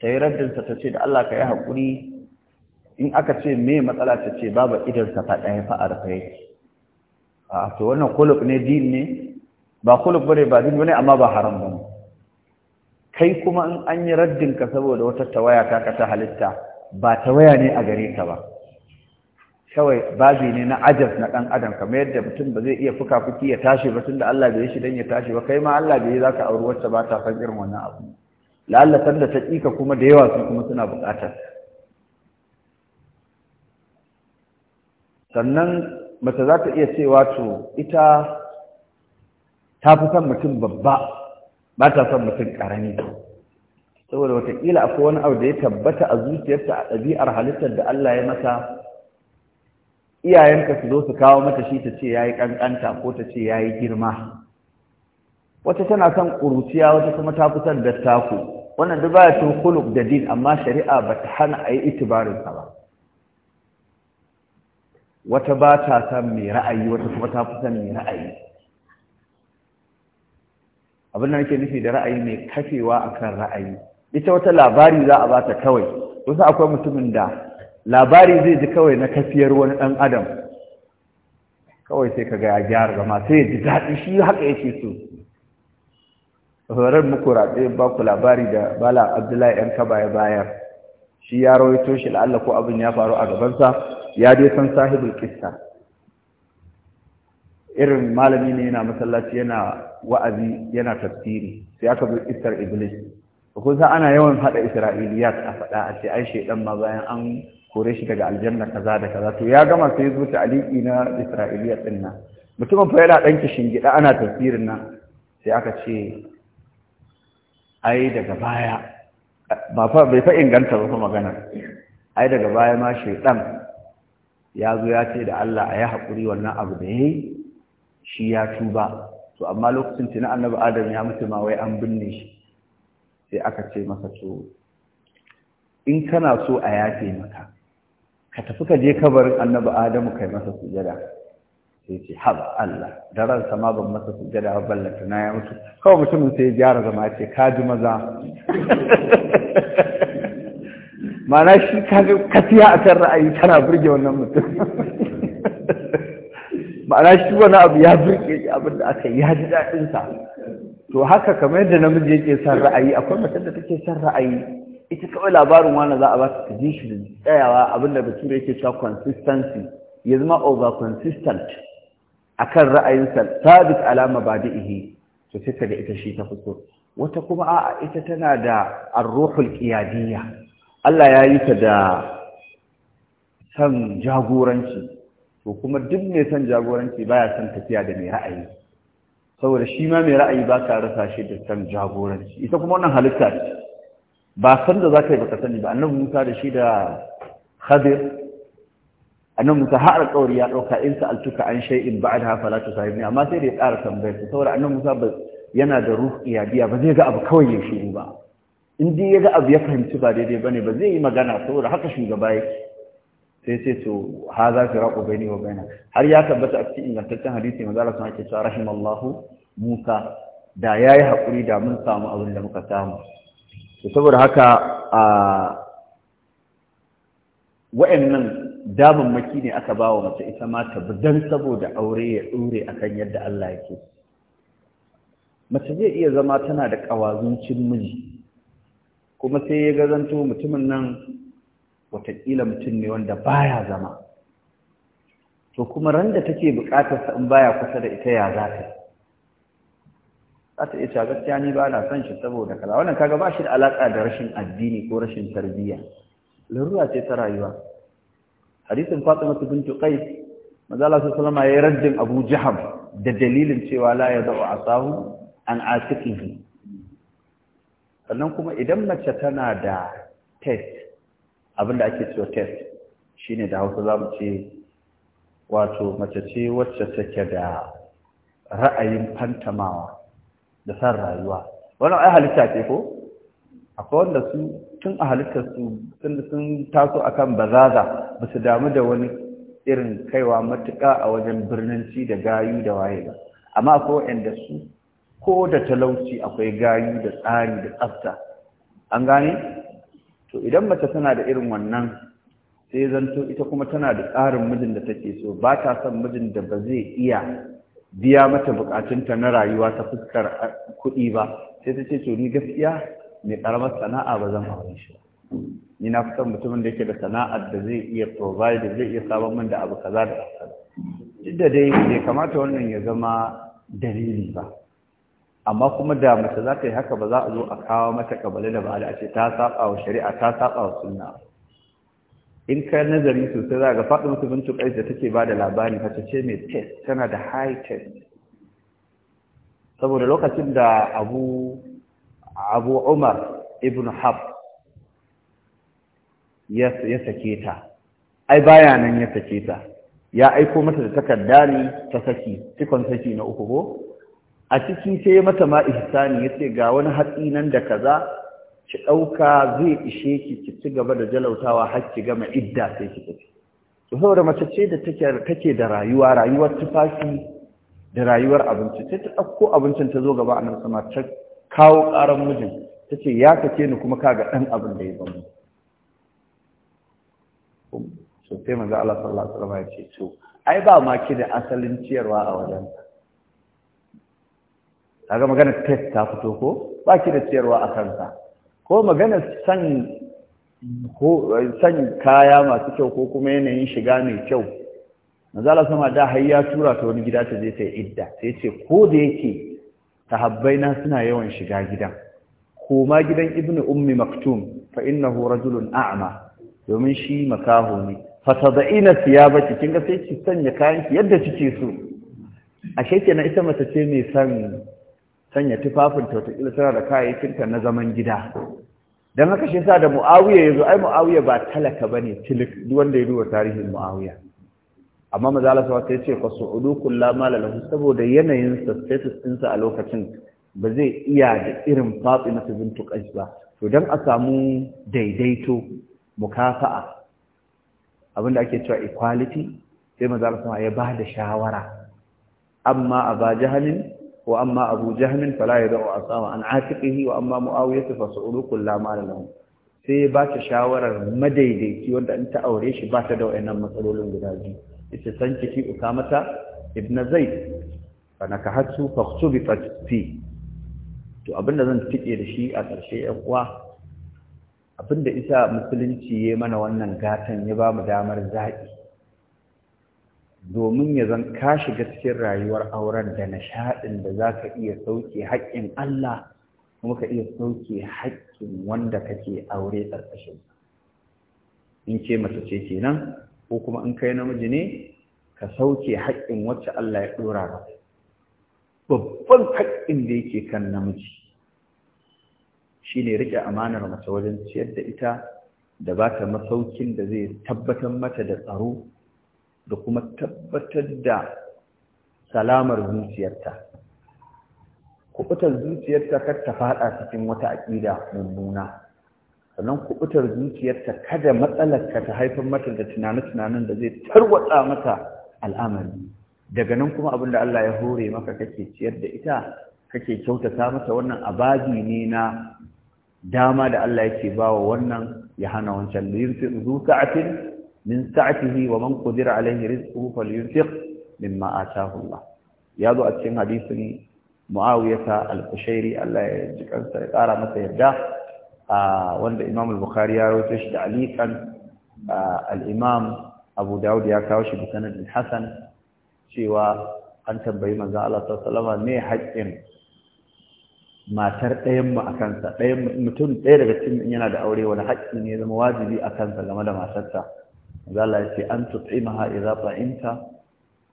ta yi raddinsa ta ce da Allah ka yi haƙuri in aka ce me matsala ta ce babu idarsa ta ɗaya fa a rufe yake a to wannan kulub ne din ne ba kulub bane ba din bane amma ba haram bane kai kuma in an yi raddinka saboda wata tawaya ta ka ta halitta ba tawaya ne a gare ka ba kawai bazi ne na ajab na ɗan adam kamar yadda mutum ba zai iya fuka fuki ya tashi ba tunda Allah bai shi dan ya tashi ba kai ma Allah bai zaka auri wacce ba ta san irin wannan abu la'alla da ta kuma da yawa su kuma suna buƙatar sannan mace za ta iya cewa to ita ta fi son mutum babba ba ta son mutum ƙarami saboda watakila akwai wani abu da ya tabbata a zuciyarta a ɗabi'ar halittar da Allah ya masa iyayenka su zo su kawo mata shi ta ce ya yi ƙanƙanta ko ta ce ya yi girma wata tana kan ƙuruciya wata kuma ta kusan dattako wannan duk baya cin kulub da din amma shari'a ba ta hana a yi itibarinsa ba wata ba ta san mai ra'ayi wata kuma ta kusan mai ra'ayi abin da nake nufi da ra'ayi mai kafewa akan ra'ayi ita wata labari za a ba ta kawai wasu akwai mutumin da labari zai ji kawai na kafiyar wani ɗan adam kawai sai ka gaya ya gyara zama sai ya ji daɗi shi haka yake so horar muku ratse ba ku labari da bala abdullahi yan kaba ya bayar shi ya rawaito shi la'alla ko abin ya faru a gabansa ya dai san sahibul kista irin malami ne yana masallaci yana wa'azi yana tafsiri sai aka zo kistar iblis kun ana yawan haɗa isra'iliyat a faɗa a ce ai shaidan ma bayan an kore shi daga aljanna kaza da kaza to ya gama sai zo ta aliki na isra'iliya din nan mutumin fa yana dan kishin gida ana tafsirin nan sai aka ce ai daga baya ba fa bai fa inganta ba magana ai daga baya ma shedan ya zo ya ce da Allah ayi hakuri wannan abu da yayi shi ya tuba to amma lokacin tuna annabi adam ya mutu ma wai an binne shi sai aka ce masa to in kana so a yafe maka ka tafi ka je kabarin annabi adamu kai masa sujada sai ce haba Allah da ransa ma ban masa sujada ba ballata na ya mutu kawai mutumin sai ya gyara zama ce ka ji maza Ma'ana shi kaga kafiya a kan ra'ayi tana burge wannan mutum ma'ana shi wani abu ya burge shi abin da aka yi ya ji daɗinsa to haka kamar yadda namiji yake son ra'ayi akwai mutum da take son ra'ayi ita kawai labarin wani za a ba ta ji shi da tsayawa abinda bature yake cewa consistency ya zama over consistent akan ra'ayinsa sabit alama ba da ihe to sai ka da ita shi ta fito wata kuma a'a ita tana da arruhul qiyadiyya Allah ya yi ta da san jagoranci to kuma duk mai san jagoranci baya san tafiya da mai ra'ayi saboda shi ma mai ra'ayi ba ka rasa shi da san jagoranci ita kuma wannan halitta ba san da za ka yi baka sani ba annabi musa da shi da khadir annabi musa har alƙawari ya ɗauka in sa'altuka an da ba'da fala tusahibni amma sai da ya ƙara tambayar ta saboda annabi musa ba yana da ruh iyadiya ba zai ga abu kawai ya shiru ba in dai ya ga abu ya fahimci ba daidai ne, ba zai yi magana saboda haka shugaba ke. sai sai to ha za ka raƙo bai wa baina har ya tabbata a cikin ingantaccen hadisi maza Allah sun ake cewa rahimallahu musa da yayi haƙuri da mun samu abin da muka samu to saboda haka a wa'annan maki ne aka ba wa mace ita mata ta saboda aure ya ɗure akan yadda Allah yake mace zai iya zama tana da ƙawazuncin miji kuma sai ya gazanto mutumin nan watakila mutum ne wanda baya zama to kuma ran da take bukatar sa in baya kusa da ita ya za ta za ta iya gaskiya ni ba na son shi saboda kaza wannan kaga ba shi da alaka da rashin addini ko rashin tarbiyya larura ce ta rayuwa hadisin Fatima bint Qais manzo Allah sallallahu alaihi wasallam ya raddin Abu Jahab da dalilin cewa la ya da'u asahu an asikihi sannan kuma idan mace tana da test abinda ake cewa test shine da Hausa zamu ce wato mace ce wacce take da ra'ayin fantamawa da san rayuwa wannan ai halitta ce ko akwai wanda su tun a halitta su sun taso akan bazaza ba su damu da wani irin kaiwa matuƙa a wajen birnin ci da gayu da waye ba amma akwai wanda su ko da talauci akwai gayu da tsari da tsafta an gane to idan mace tana da irin wannan sai zanto ita kuma tana da tsarin mijin da take so ba ta son mijin da ba zai iya biya mata bukatunta na rayuwa ta fuskar ah, kuɗi ba sai ta ce to ni gaskiya mai karamar sana'a ba zan aure shi ni na fitar mutumin da yake da sana'ar da zai iya provide zai iya sabon min da abu kaza da kaza duk da dai bai kamata wannan ya zama dalili ba amma kuma da mace za ta yi haka ba za a zo a kawo mata kabale da ba a ce ta saba wa shari'a ta saba wa sunna in ka nazari sosai za ga faɗin musulunci ƙarshe da take ba da labari ta ce mai test tana da high test saboda lokacin da abu abu umar ibn hab ya sake ta ai baya nan ya sake ta ya aiko mata da takarda ne ta saki cikon saki na uku ko a ciki sai mata ma ihsani ce ga wani hatsi nan da kaza ki ɗauka zai ishe ki ki ci gaba da jalautawa har ki gama idda sai ki tafi to saboda mace ce da take take da rayuwa rayuwar tufafi da rayuwar abinci sai ta ɗauko abincin ta zo gaba a nan sama ta kawo ƙaran mijin ta ce ya kace ni kuma kaga ɗan abin da ya bamu so sai manzo Allah sallallahu alaihi wasallam ya ce to ai ba ma ki da asalin ciyarwa a wajen kaga magana test ta fito ko ba ki da ciyarwa a kansa ko magana san kaya masu kyau ko kuma yanayin shiga mai kyau manzala sama da har ya tura ta wani gida ta je ta idda sai ce ko da yake ta na suna yawan shiga gidan ko ma gidan ibnu ummi maktum fa innahu rajulun a'ma domin shi makaho ne fatada'ina Kin kinga sai ki sanya kayan ki yadda kike so ashe kenan ita mace ce mai san sanya tufafin tautakil suna da kayayyakinta na zaman gida don haka shi sa da mu'awiya ya zo ai mu'awiya ba talaka ba ne tilik duk wanda ya duba tarihin mu'awiya amma mazala sa ta ce fa su'udu kullama lahu saboda yanayin status ɗinsa a lokacin ba zai iya da irin na bintu qais ba to don a samu daidaito mukafa'a abinda ake cewa equality sai mazala sa ya ba da shawara amma a ba jahalin وأما أبو جهم فلا يدعو عصاه عن عاتقه وأما معاوية فصعلوك لا مال له sai ba ta shawarar madaidaici wanda in ta aure shi ba ta da wayannan matsalolin guda biyu ita san ciki usamata ibn zaid fa nakahatu fa khsubitat fi to abinda zan tike da shi a ƙarshe ƴan uwa abinda isa musulunci ya mana wannan gatan ya ba mu damar zaki domin ya zan ka shiga cikin rayuwar auren da nishaɗin da za ka iya sauke haƙƙin Allah kuma ka iya sauke haƙƙin wanda kake aure ƙarƙashin in ce mace ce kenan ko kuma in kai namiji ne ka sauke haƙƙin wacce Allah ya ɗora ba babban haƙƙin da yake kan namiji Shi ne riƙe amanar mace wajen ciyar da ita da ba ta masaukin da zai tabbatar mata da tsaro da kuma tabbatar da salamar zuciyarta kubutar zuciyarta kar ta faɗa cikin wata aƙida mummuna sannan kubutar zuciyarta kada matsalar ka ta haifar mata da tunanin tunanen da zai tarwatsa mata al'amari daga nan kuma abin da Allah ya hore maka kake ciyar da ita kake kyautata mata wannan ababi ne na dama da Allah yake bawa wannan ya hana wancan lirfi zuka'atin min sa'atihi wa man qadira alaihi rizquhu falyunfiq mimma ataahu Allah ya zo a cikin hadisin Muawiyata al-Qushairi Allah ya ji kansa ya kara masa yarda. wanda Imam al-Bukhari ya rawaito shi ta'liqan al-Imam Abu Dawud ya kawo shi sanadin Hasan cewa an tambayi manzo Allah sallallahu alaihi wasallam me haƙƙin matar ɗayan mu akan sa ɗayan mutum ɗaya daga cikin yana da aure wani haƙƙi ne zama wajibi akan sa game da matarsa zala ya ce an tut'imaha idza ta'imta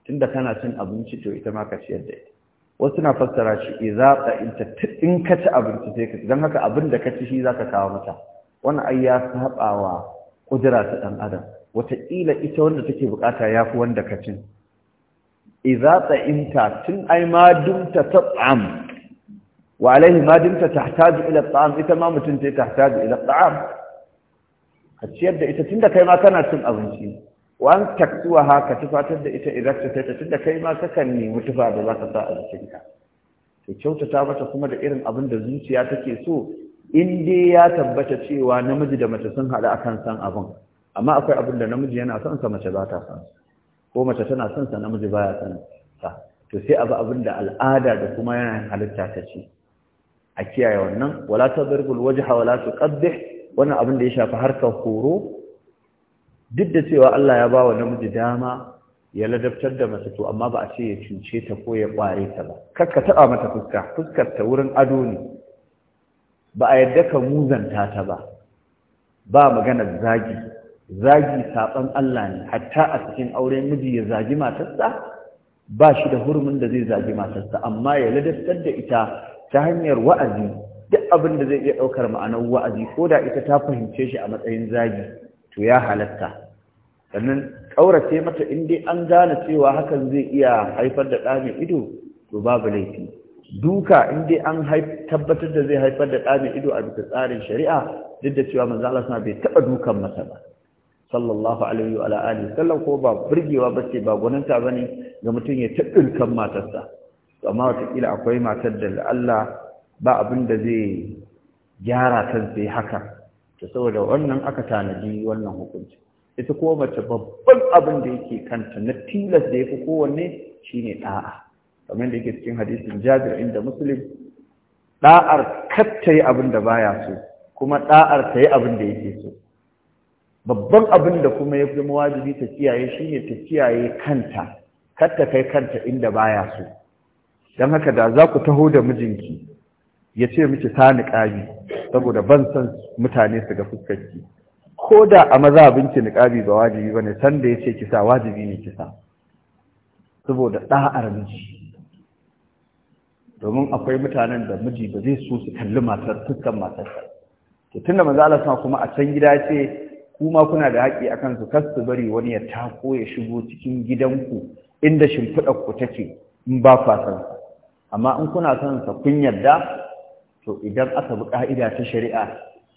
tunda kana cin abinci to ita ma ka ciyar da ita wasu na fassara shi idza ta'imta in ka ci abinci sai ka dan haka abin da ka ci shi zaka kawo mata wannan ai ya sabawa kudura ta dan adam wataƙila ita wanda take bukata yafi wanda ka cin idza ta'imta tun ai ma dumta tat'am wa alaihi ma dumta tahtaju ila at'am ita ma mutunta tahtaju ila at'am ka ciyar da ita tunda kai ma kana cin abinci wan taktuwa ha ka tufatar da ita idan ta sai ta tunda kai ma kakan nemi tufa da za ka sa a jikinka to kyautata mata kuma da irin abin da zuciya take so in dai ya tabbata cewa namiji da mace sun haɗu akan san abin amma akwai abin da namiji yana son sa mace ba ta san, ko mace tana son sa namiji baya san sa to sai abu abin da al'ada da kuma yanayin halitta ta ce a kiyaye wannan wala tadribul wajha wala tuqaddih wannan abin da ya shafi harkar horo duk da cewa Allah ya ba wa namiji dama ya ladabtar da mace to amma ba a ce ya cince ta ko ya kware ta ba kar ka taba mata fuska fuskar ta wurin ado ne ba a yadda ka muzanta ta ba ba maganar zagi zagi saban Allah ne hatta a cikin auren miji ya zagi matarsa ba shi da hurumin da zai zagi matarsa amma ya ladabtar da ita ta hanyar wa'azi duk abin da zai iya ɗaukar ma'anar wa'azi ko da ita ta fahimce shi a matsayin zagi to ya halatta sannan ƙaurace mata in dai an gane cewa hakan zai iya haifar da ɗa mai ido to babu laifi duka in dai an tabbatar da zai haifar da ɗa mai ido a bisa tsarin shari'a duk da cewa manzo Allah bai taɓa dukan masa ba sallallahu alaihi wa alihi sallam ko ba burgewa ce ba gwaninta bane ga mutum ya taɓa dukan matarsa amma wataƙila akwai matar da Allah ba abin da zai gyara ta sai haka to saboda wannan aka tanadi wannan hukunci ita kuma mace babban abin da yake kanta na tilas da yafi kowanne shine da'a kamar da yake cikin hadisin Jabir inda Muslim da'ar katta yi abin da baya so kuma ɗa'ar tayi yi abin da yake so babban abin da kuma ya fi wajibi ta kiyaye shine ta kiyaye kanta ta kai kanta inda baya so don haka da za ku taho da mijinki ya ce miki ta niƙabi saboda ban san mutane su ga fuskarki ko da a mazabinki niƙabi ba wajibi ba ne sanda ya ce kisa wajibi ne kisa saboda ɗa'ar miji domin akwai mutanen da miji ba zai so su kalli matar fuskan matarsa to tunda manzo Allah sama kuma a can gida ce kuma kuna da haƙi a kansu, kar su bari wani ya tako ya shigo cikin gidanku inda shimfiɗar ku take in ba kwa san amma in kuna son sa kun yarda to idan aka bi ka'ida ta shari'a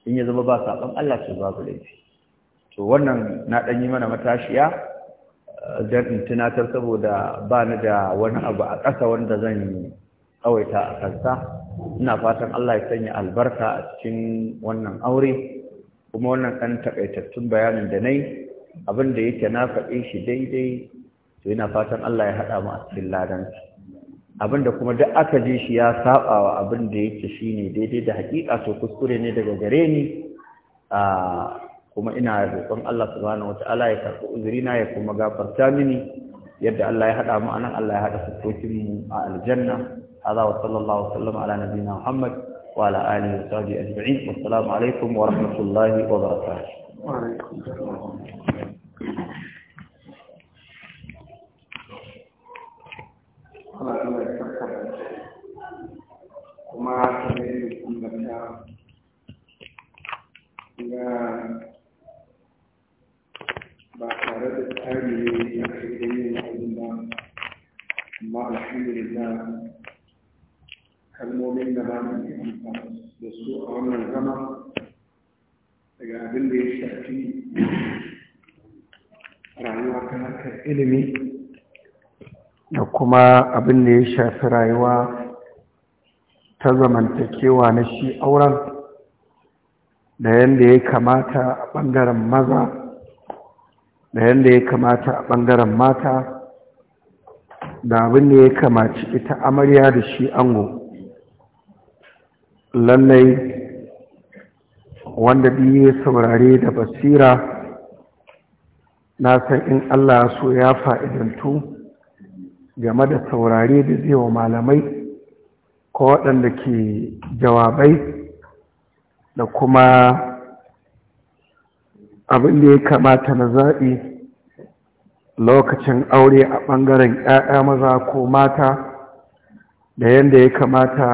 in ya zama ba saban Allah ce babu laifi to wannan na dan yi mana matashiya eh, dan in tunatar saboda ba ni da wani abu a ƙasa wanda zan tsawaita a kansa ina fatan Allah ya sanya albarka a cikin wannan aure kuma wannan ɗan takaitattun bayanin da nayi abin da yake na faɗe shi daidai to ina fatan Allah ya haɗa mu a cikin ladansa Abin da kuma duk aka ji shi ya saba wa abin da yake shine daidai da haƙiƙa to kuskure ne daga gare ni a kuma ina roƙon Allah subhanahu wataala ya karɓi uzurina ya kuma gafarta mini yadda Allah ya haɗa mu anan Allah ya haɗa fuskokin mu a aljanna hada wa sallallahu sallama ala nabiyina Muhammad wa ala alihi wa sahbihi ajma'in assalamu alaikum wa rahmatullahi wa barakatuh kuma kamar yadda kun ga ba tare da tsari ne a da yin abin ba amma alhamdulillah kalmomin da ba mu amfani da su a wannan zama daga abin da ya shafi rayuwa ta harkar ilimi da kuma abin da ya shafi rayuwa ta zamantakewa na shi auren da yadda ya kamata a ɓangaren maza da yadda ya kamata a ɓangaren mata da abin da ya kamaci ita amarya da shi ango lallai wanda biyu ya saurare da basira na san in allah so ya fa'idantu game da saurare da zai wa malamai ko waɗanda ke jawabai da kuma abin da ya kamata na zaɓi lokacin aure a ɓangaren 'ya'ya maza ko mata da yadda ya kamata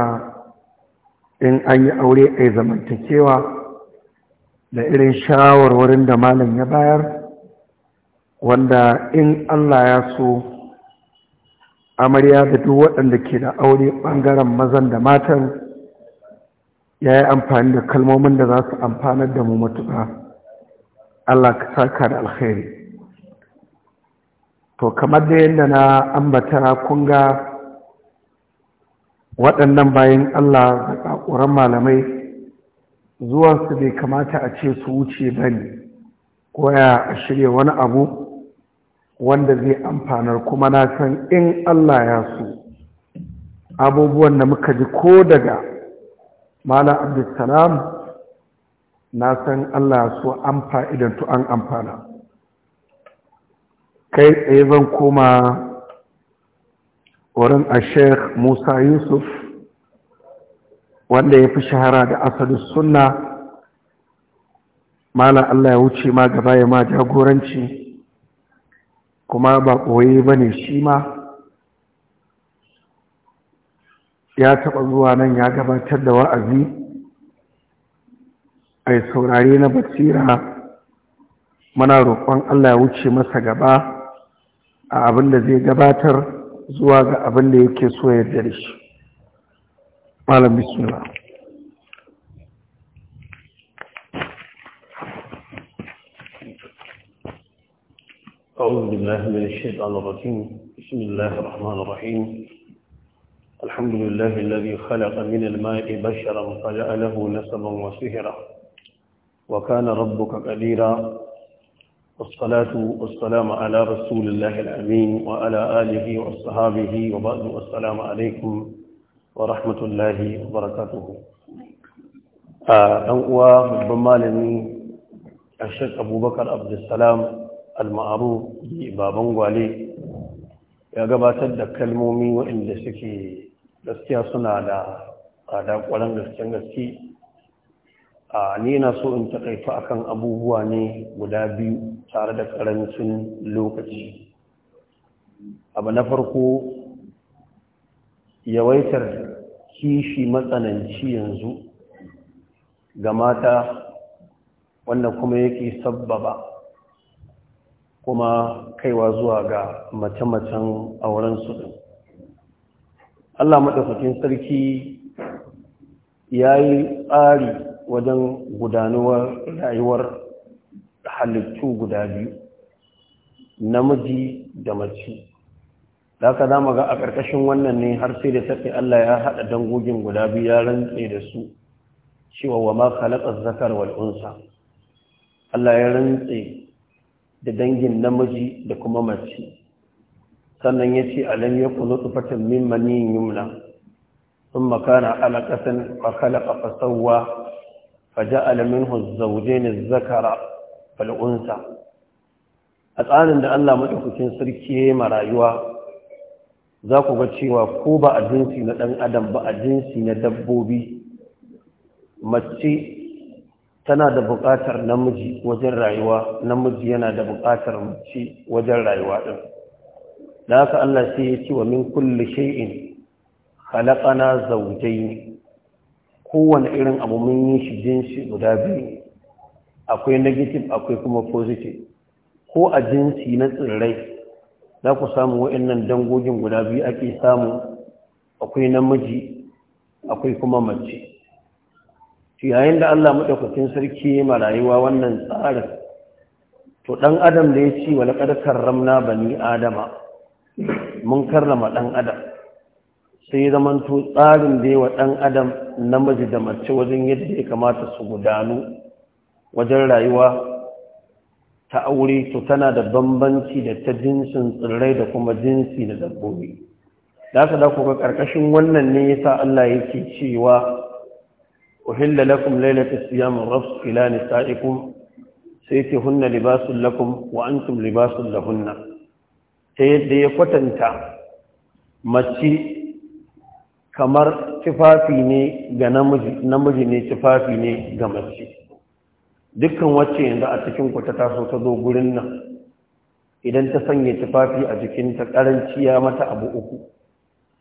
in an yi aure a zamantakewa da irin shawarwarin da malam ya bayar wanda in Allah ya so amarya da duk waɗanda ke da aure ɓangaren mazan da matan ya yi amfani da kalmomin da za su amfanar da mu matuƙa allah ka saka da alkhairi to kamar da yadda na ambata kunga waɗannan bayan allah da ƙaƙuran malamai zuwa su bai kamata a ce su wuce ba ne ko ya shirya wani abu wanda zai amfanar kuma na san in Allah ya su abubuwan da muka ji ko daga Malam Abdulsalam na san Allah ya su so idan to an amfana kai tsaye zan koma wurin a sheikh Musa Yusuf wanda ya fi shahara da asalin sunna Malam Allah ya wuce ma gaba ya ma jagoranci kuma ba ɓoye ba ne shi ma ya taɓa zuwa nan ya gabatar da wa'azi a saurare na basira muna roƙon allah ya wuce masa gaba a abin da zai gabatar zuwa ga abin da yake so ya shi malam bismillah أعوذ بالله من الشيطان الرجيم بسم الله الرحمن الرحيم الحمد لله الذي خلق من الماء بشرا فجعله نسبا وسهرا وكان ربك قديرا والصلاة والسلام على رسول الله الأمين وعلى آله وصحابه وبعد السلام عليكم ورحمة الله وبركاته آه، أنقوى ربما لني الشيخ أبو بكر عبد السلام al-ma'aru baban gwale ya gabatar da kalmomi waɗanda suke gaskiya suna da tsada ƙwarar gaskiyar gaske a ne na so in taƙaifa akan abubuwa ne guda biyu tare da ƙarancin lokaci abu na farko yawaitar kishi matsananci yanzu ga mata wanda kuma yake sabbaba kuma kaiwa zuwa ga mace-macen aurensu ɗin allah maɗaukakin sarki ya yi tsari wajen gudanuwar rayuwar halittu guda biyu namiji da mace da aka zama ga a ƙarƙashin wannan ne har sai da tafi allah ya haɗa dangogin guda biyu ya rantse da su cewa wa ma khalaqa zakar wal'unsa Allah ya rantse da dangin namiji da kuma mace sannan ya ce alam ya kuno tufatan min maniyin yumna sun makana alaƙasan a fasawa ja alamin huzzauje ne zakara fal'unsa a tsarin da allah maɗaukakin sarki ya yi rayuwa za ku ga cewa ko ba a jinsi na ɗan adam ba a jinsi na dabbobi mace tana da buƙatar namiji wajen rayuwa namiji yana da buƙatar mace wajen rayuwa din da haka Allah sai ya ce wa min kulli shay'in khalaqana zawjayn kowane irin abu mun yi shi jinsi guda biyu akwai negative akwai kuma positive ko a jinsi na tsirrai za ku samu wa'annan dangogin guda biyu ake samu akwai namiji akwai kuma mace yayin da Allah madaukakin sarki ma rayuwa wannan tsarin to dan adam da ya ci wa laqad karramna bani adama mun karrama dan adam sai zaman to tsarin da yawa dan adam namiji da mace wajen yadda ya kamata su gudanu wajen rayuwa ta aure to tana da bambanci da ta jinsin tsirrai da kuma jinsi da dabbobi da aka da kuka ƙarƙashin wannan ne yasa Allah yake cewa أحل لكم ليلة الصيام الرفض إلى نسائكم سيتهن لباس لكم وأنتم لباس لهن سيدي قتنتا mace kamar tufafi ne ga namiji ne tufafi ne ga mace dukkan wacce yanzu a cikin ku ta taso ta zo gurin nan idan ta sanya tufafi a jikinta karanci ya mata abu uku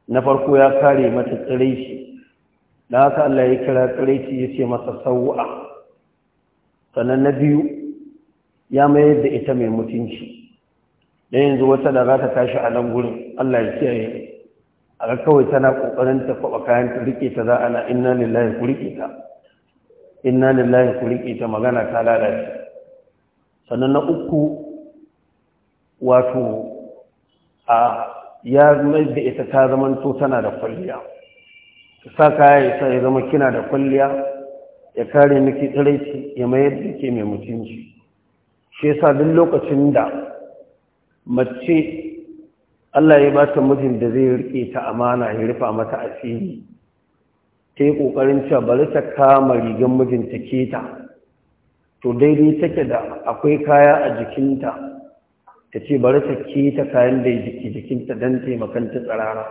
na farko ya kare mata tsirai da haka Allah ya kira tsiraici ya ce masa sau'a sannan na biyu ya mayar da ita mai mutunci da yanzu wata da za ta tashi a nan gurin Allah ya kiyaye a ga kawai tana kokarin ta kwaba kayan ta rike ta za na inna lillahi ku rike ta inna lillahi ku rike ta magana ta lalace sannan na uku wato a ya mai da ita ta zamanto tana da kwalliya sa kaya ya sa ya zama kina da kwalliya ya kare miki tsiraici ya mayar da ke mai mutunci shi yasa duk lokacin da mace Allah ya ba ta mijin da zai rike ta amana ya rufa mata asiri ta yi ƙoƙarin cewa bari ta kama rigar ta keta to daidai take da akwai kaya a jikinta ta ce bari ta keta kayan da ya jiki jikinta don taimakon ta tsirara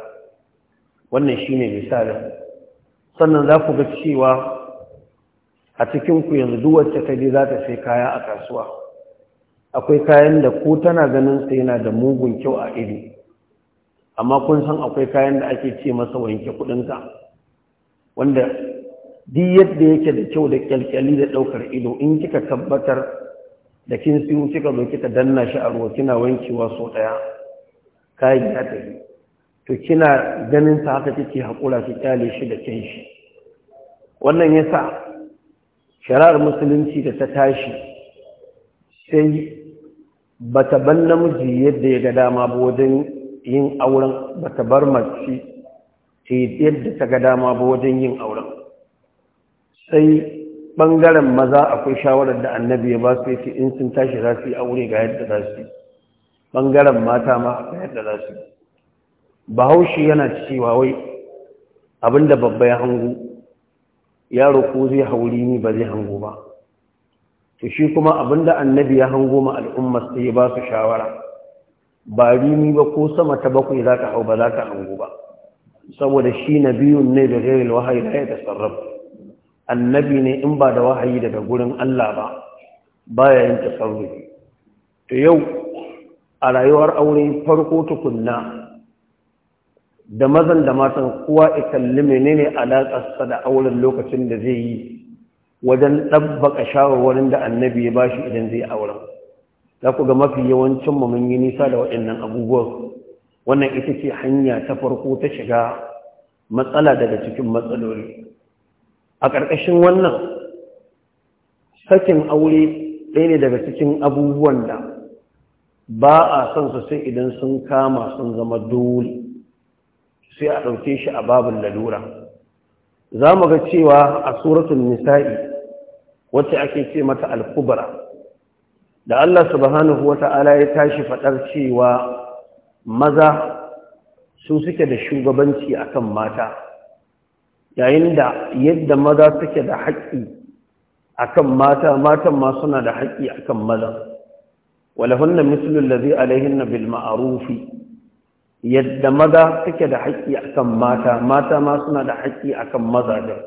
wannan shi ne misali sannan za ku ga cewa a cikinku yanzu duwacce wacce ta je za ta sai kaya a kasuwa akwai kayan da ko tana ganin sai yana da mugun kyau a iri. amma kun san akwai kayan da ake ce masa wanke kudinka wanda duk yadda yake da kyau da kyalkyali da daukar ido in kika tabbatar da kin siyo kika zo kika danna shi a ruwa kina wankewa so daya kayan ya tafi to kina ganin ta haka take haƙura ki kyale shi da kyan shi wannan ya sa shari'ar musulunci da ta tashi sai ba ta ban namiji yadda ya ga dama ba wajen yin auren ba ta bar mace ta yadda ta ga dama ba wajen yin auren sai ɓangaren maza akwai shawarar da annabi ya ba su yake in sun tashi za su yi aure ga yadda za su yi ɓangaren mata ma ga yadda za su yi bahaushe yana cewa wai abinda babba ya hangu yaro ko zai hauri ni ba zai hango ba to shi kuma abinda annabi ya hango ma al'ummar sai ya ba su shawara ba rini ba ko sama ta bakwai za ka hau ba za ka hango ba saboda shi na biyun ne da gairil wahayi da ya annabi ne in ba da wahayi daga gurin Allah ba Ba ya yin tasarrufi to yau a rayuwar aure farko tukunna da mazan da matan kuwa ya menene alaƙarsa da auren lokacin da zai yi wajen ɗabbaka shawarwarin da annabi ya bashi idan zai auren za ku ga mafi yawancin mu mun yi nisa da waɗannan abubuwan wannan ita ce hanya ta farko ta shiga matsala daga cikin matsaloli a ƙarƙashin wannan sakin aure ɗaya ne daga cikin abubuwan da ba a son su sai idan sun kama sun zama dole sai a ɗauke shi a babin lalura za mu ga cewa a suratun nisa'i wacce ake ce mata alkubara da Allah subhanahu wa ta'ala ya tashi faɗar cewa maza su suke da shugabanci akan mata yayin da yadda maza suke da haƙƙi akan mata matan ma suna da haƙƙi akan maza walahunna mislul ladhi alaihinna bil ma'rufi yadda maza take da haƙƙi akan mata mata ma suna da haƙƙi akan mazaje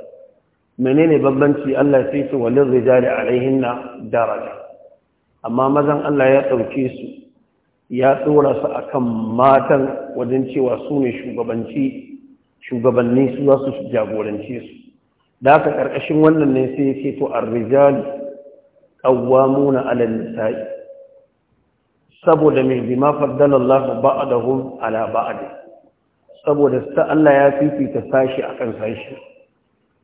menene babbanci Allah sai su walil rijali alaihinna daraja amma mazan Allah ya ɗauke su ya tsora su akan matan wajen cewa su ne shugabanci shugabanni su za su jagorance su da haka ƙarƙashin wannan ne sai ya ce to ar-rijal qawwamuna 'ala nisa'i saboda mai bima faddala Allah ba'dahum ala ba'd saboda sa Allah ya fifita sashi akan sashi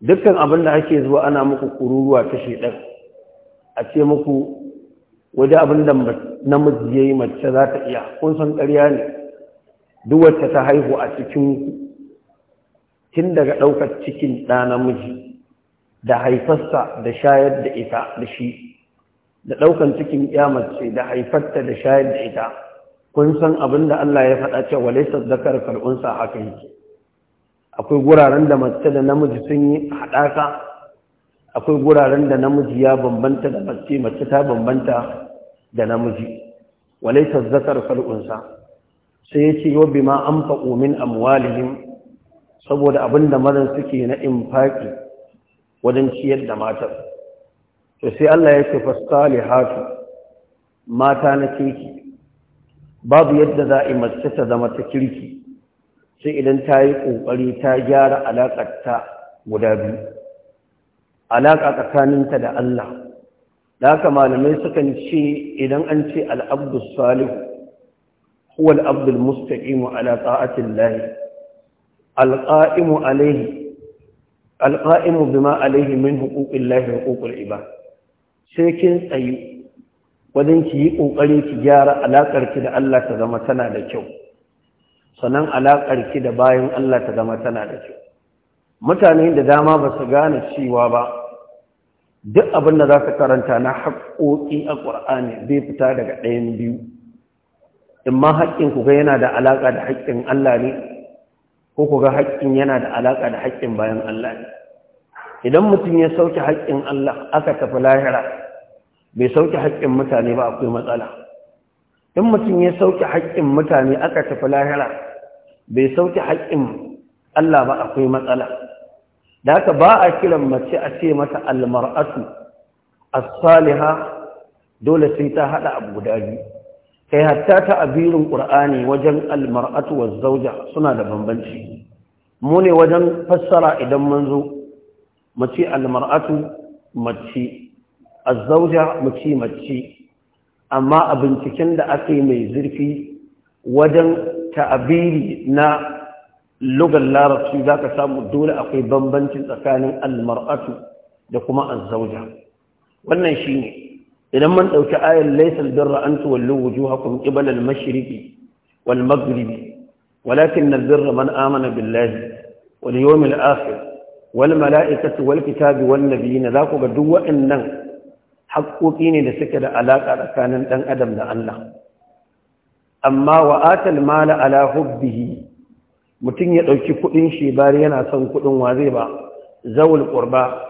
dukkan abin da ake zuwa ana muku kururuwa ta shedan a ce muku waje abin da namiji yayi mace za ta iya kun san ƙarya ne duk wacce ta haihu a cikin ku tun daga ɗaukar cikin ɗa namiji da haifarsa da shayar da ita da shi da ɗaukan cikin mace da haifarta da shayar da ita kun san abin da Allah ya faɗa cewa laisa zakar kal'unsa haka yake akwai guraren da mace da namiji sun yi haɗaka akwai guraren da namiji ya bambanta da mace mace ta bambanta da namiji wa walaisa zakar kal'unsa sai ya ce yau ma an faƙo min amwalihim saboda abin da mazan suke na infaki wajen ciyar da matar to sai Allah ya ce fasalihatu mata na kirki babu yadda za a mace ta zama ta kirki sai idan ta yi ƙoƙari ta gyara ta guda biyu alaƙa tsakaninta da Allah da haka malamai sukan ce idan an ce al'abdus salihu huwa al'abdul mustaqimu ala ta'atin lahi alƙa'imu alaihi alƙa'imu bima alaihi min huquqin lahi huququl ibad sai kin tsayi wajen ki yi ƙoƙari ki gyara alaƙar ki da Allah ta zama tana da kyau sannan alaƙar ki da bayan Allah ta zama tana da kyau mutane da dama ba su gane cewa ba duk abin da za ka karanta na haƙoƙi a ƙwar'ani bai fita daga ɗayan biyu in ma haƙƙin ku ga yana da alaƙa da haƙƙin Allah ne ko ku ga haƙƙin yana da alaƙa da haƙƙin bayan Allah ne idan mutum ya sauke haƙƙin Allah aka tafi lahira bai sauke haƙƙin mutane ba akwai matsala in mutum ya sauke haƙƙin mutane aka tafi lahira bai sauke haƙƙin Allah ba akwai matsala da haka ba a kiran mace a ce mata almar'atu as-saliha dole sai ta hada abu guda biyu kai hatta ta abirin qur'ani wajen almar'atu waz-zawja suna da bambanci mu ne wajen fassara idan mun zo mace almar'atu mace azzauja mace mace amma a binciken da aka yi mai zurfi wajen ta'abiri na lugar larabci za ka samu dole akwai bambanci tsakanin almar'atu da kuma azzauja wannan shi ne idan man ɗauki ayar laisal birra an tuwallo wujuhakum qibala al-mashriqi wal magribi walakin al-birra man amana billahi wal yawmil akhir wal mala'ikatu wal kitabi wan nabiyina za ku ga duk waɗannan haƙƙoƙi ne da suke da alaƙa tsakanin ɗan adam da Allah amma wa atal mala ala hubbihi mutum ya ɗauki kuɗin shi bari yana son kuɗin wa zai ba zawul qurba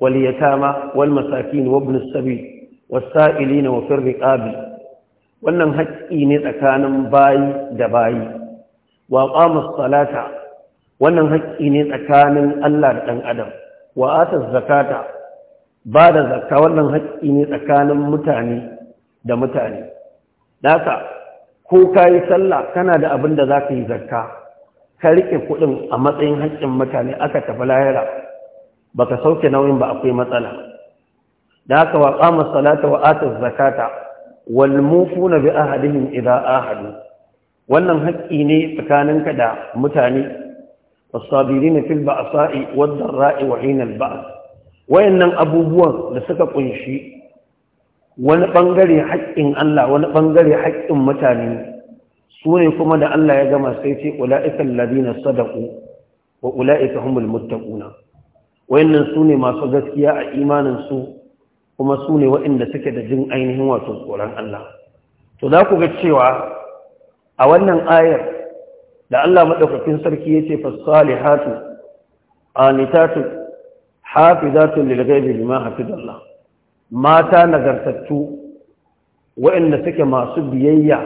wal yatama wal masakin wa ibn as-sabi was sa'ilina wa fir riqabi wannan haƙƙi ne tsakanin bayi da bayi wa qama as-salata wannan haƙƙi ne tsakanin Allah da ɗan adam wa zakata ba da zakka wannan haƙƙi ne tsakanin mutane da mutane daka ko kayi sallah kana da abin da za ka yi zakka ka rike kuɗin a matsayin haƙƙin mutane aka tafi lahira baka sauke nauyin ba akwai matsala daka wa qama salata wa atas zakata wal mufuna bi ahadihim a ahadu wannan haƙƙi ne tsakaninka da mutane والصابرين في البأساء والضراء وحين ba. wayannan abubuwan da suka kunshi wani bangare haƙƙin Allah wani bangare haƙƙin mutane su ne kuma da Allah ya gama sai ce ula'ika alladhina sadaqu wa ula'ika humul muttaquna wayannan su ne masu gaskiya a imaninsu su kuma su ne waɗanda suke da jin ainihin wato tsoron Allah to za ku ga cewa a wannan ayar da Allah madaukakin sarki yace fasalihatu anitatu hafizatu lilghaibi bima hafizallah mata nagartattu waɗanda suke masu biyayya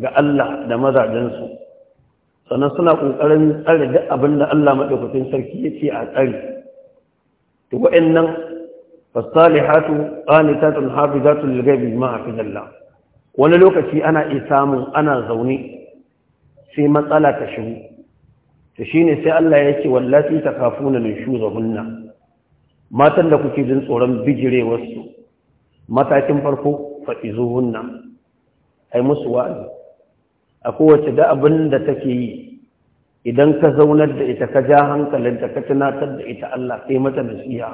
ga Allah da mazajensu sannan suna ƙoƙarin tsare duk abin da Allah maɗaukakin sarki ya ce a tsare to waɗannan fasalihatu qanitatun hafizatun lilghaibi ma hafizallah wani lokaci ana iya samun ana zaune sai matsala ta shigo shi ne sai Allah ya ce wallati takafuna zahunna matan da kuke jin tsoron bijirewarsu matakin farko faɗi a ai musu wa'azi a kowace da abin da take yi idan ka zaunar da ita ka ja hankalin da ka tunatar da ita Allah sai mata nasiha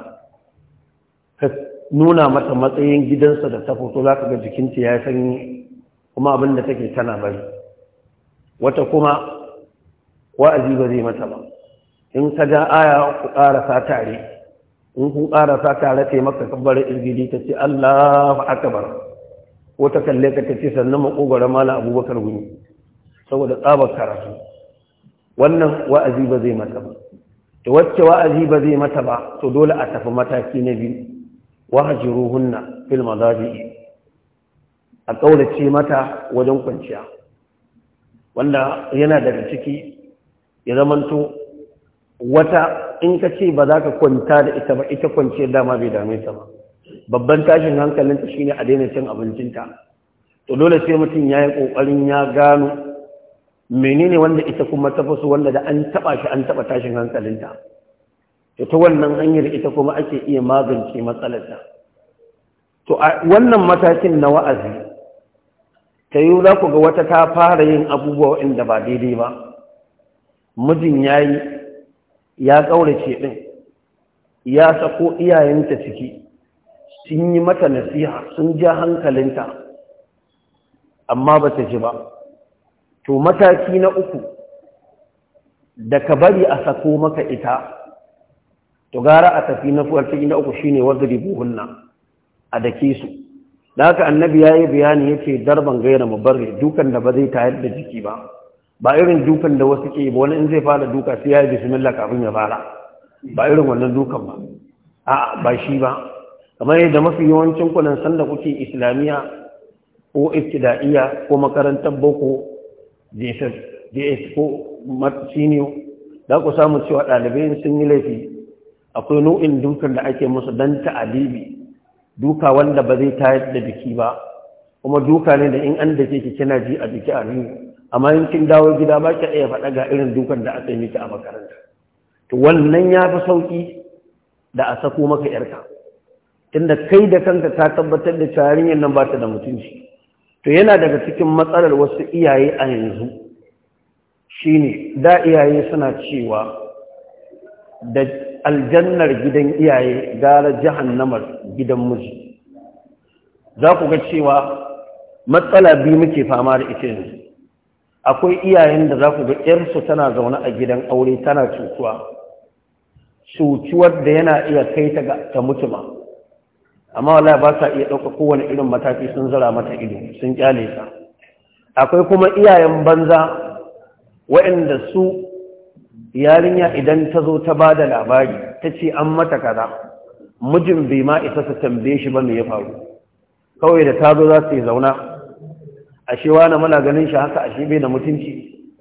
ka nuna mata matsayin gidansa da ta fito za ka ga jikinta ya sanyi kuma abin da take tana bari wata kuma wa'azi ba zai mata ba in ka ja aya ku ƙarasa tare in kun ƙarasa tare ta maka kabbar irgidi ta ce allahu akbar ko ta kalle ka ta ce sannan makogwara mala abubakar guni saboda tsabar karatu wannan wa'azi ba zai mata ba to wacce wa'azi ba zai mata ba to dole a tafi mataki na biyu wahajiruhunna fil madaji a ƙaurace mata wajen kwanciya wanda yana daga ciki ya zamanto wata in ka ce ba za ka kwanta da ita ba ita kwance dama bai dame ta ba babban tashin hankalinta shine a daina cin abincinta to dole sai mutum ya yi ƙoƙarin ya gano menene wanda ita kuma ta fasu wanda da an taɓa shi an taɓa tashin hankalinta to ta wannan hanyar ita kuma ake iya magance matsalarta to a wannan matakin na wa'azi ta yi za ku ga wata ta fara yin abubuwa inda ba daidai ba mijin ya yi ya ƙaurace ɗin ya sako iyayenta ciki sun yi mata nasiha sun ja hankalinta amma ba ta ji ba to mataki na uku da ka bari a sako maka ita to gara a tafi na farki na uku shine wadribuhunna a dake su da haka annabi ya yi bayani ya ce darban gaira mubarri dukan da ba zai tayar da jiki ba ba irin dukan da wasu ke ba wani in zai fara duka sai ya yi bismillah kafin ya fara ba irin wannan dukan ba a ba shi ba kamar yadda mafi yawancin kunan da kuke islamiyya ko ibtida'iyya ko makarantar boko js ko matsiniyo da ku samu cewa ɗalibai sun yi laifi akwai nau'in dukan da ake musu dan ta'adibi duka wanda ba zai tayar da biki ba kuma duka ne da in an da ke kina ji a biki a riyu amma in kin dawo gida ba ki iya faɗa ga irin dukan da aka yi miki a makaranta to wannan ya fi sauƙi da a sako maka yarka tunda kai da kanka ka tabbatar da cewa nan ba ta da mutunci to yana daga cikin matsalar wasu iyaye a yanzu shine da iyaye suna cewa da aljannar gidan iyaye gara jahannamar gidan miji za ku ga cewa matsala biyu muke fama da ita yanzu akwai iyayen da za ku ga 'yarsu tana zaune a gidan aure tana cutuwa cutuwar da yana iya kai ta ta mutu ma amma wala ba sa iya ɗauka kowane irin mataki sun zara mata ido sun kyale ta akwai kuma iyayen banza waɗanda su yarinya idan ta zo ta ba da labari ta ce an mata kaza mijin bai ma isa su tambaye shi ba mai ya faru kawai da ta zo za su yi zauna ashe na muna ganin shi haka ashe bai da mutunci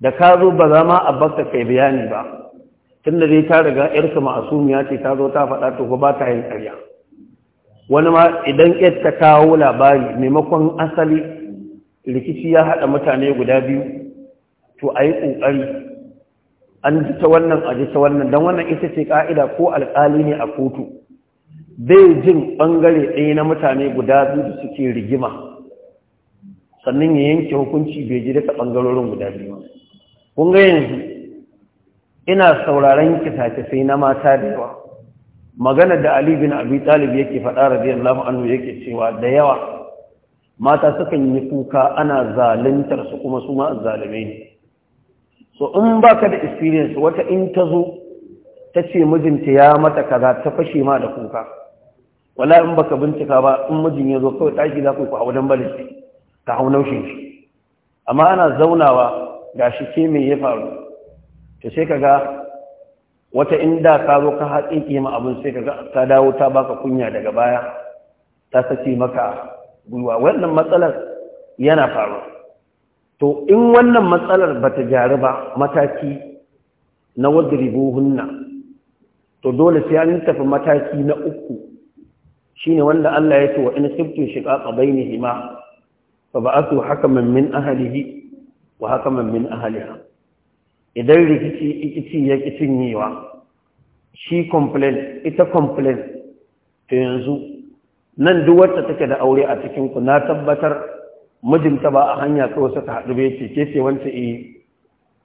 da ka zo ba za ma a bakta kai bayani ba tun da dai ta riga yarsa ma'asumiya ce ta zo ta faɗa to ba ta yin ƙarya wani ma idan yar ta kawo labari maimakon asali rikici ya haɗa mutane guda biyu to a yi ƙoƙari an ji ta wannan a ji ta wannan don wannan ita ce ka'ida ko alƙali ne a kotu bai jin bangare ɗaya na mutane guda biyu da suke rigima sannan ya yanke hukunci bai ji daga ɓangarorin guda biyu kun ga yanzu ina sauraron kitace sai na mata da yawa maganar da Ali bin Abi Talib yake faɗa radiyallahu anhu yake cewa da yawa mata sukan yi kuka ana zaluntar su kuma su ma zalume ne so in ba ka da experience wata in ta zo ta ce mijinta ya mata kaza ta fashe ma da kuka wala in baka bincika ba in mijin ya zo kawai tashi za ku ku haudan bari shi ka hau naushin shi amma ana zaunawa ga shi ke me ya faru to sai kaga wata inda ka zo ka ki ma abin sai kaga ta dawo ta baka kunya daga baya ta sace maka gwiwa wannan matsalar yana faruwa to in wannan matsalar ba ta gyaru ba mataki na wadribuhunna to dole sai an tafi mataki na uku shine wanda Allah ya ce wa in khiftu shiqaqa bainihima fa ba'athu hakaman min ahlihi wa hakaman min ahliha idan rikici ikici ya cinyewa shi complain ita complain to yanzu nan duk wacce take da aure a cikin ku na tabbatar mijinta ba a hanya kawai suka haɗu bai ce kese ce wance eh?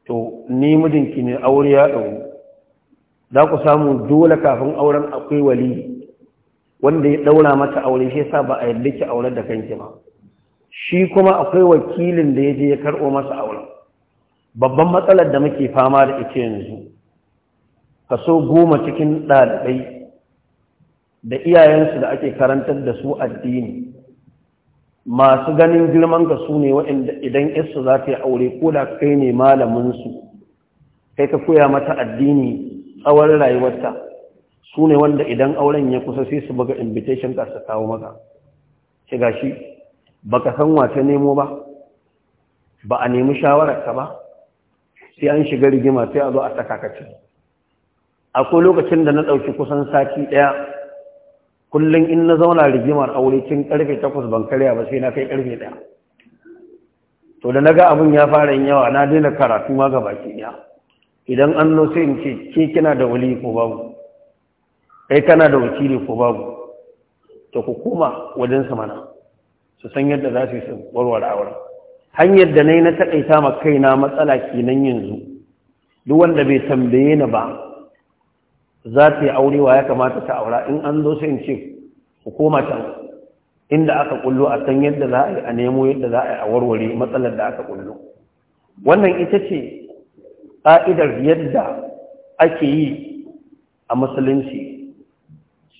to ni mijinki ne aure ya ɗau za ku samu dole kafin auren akwai wali wanda ya ɗaura mata aure shi sa ba a yadda ki aure da kanki ba shi kuma akwai wakilin da ya je ya karɓo masa auren babban matsalar da muke fama da ita yanzu kaso goma cikin ɗalibai da iyayensu da ake karantar da su addini masu ganin girman ka su ne waɗanda idan isa za ta yi aure ko da kai ne malaminsu kai ka koya mata addini tsawon rayuwarta su ne wanda idan auren ya kusa sai su buga invitation ka su kawo maka shi gashi ka san wata nemo ba ba a nemi shawararka ba sai an shiga rigima sai a zo a saka akwai lokacin da na ɗauki kusan sati ɗaya kullum in na zauna rigimar aure cin karfe takwas ban karya ba sai na kai karfe ɗaya to da naga ga abin ya fara yin yawa na daina karatu ma ga baki ɗaya idan an no sai in ce ke kina da wali ko babu kai kana da wakili ko babu to ku koma wajen sa mana su san yadda za su yi warware auren hanyar da na yi na taƙaita ma kaina matsala kenan yanzu duk wanda bai tambaye ni ba za ta yi aure wa ya kamata ta aura in an zo sai in ce ku koma can inda aka kullo a san yadda za a yi a nemo yadda za a yi a warware matsalar da aka kullo wannan ita ce ƙa'idar yadda ake yi a musulunci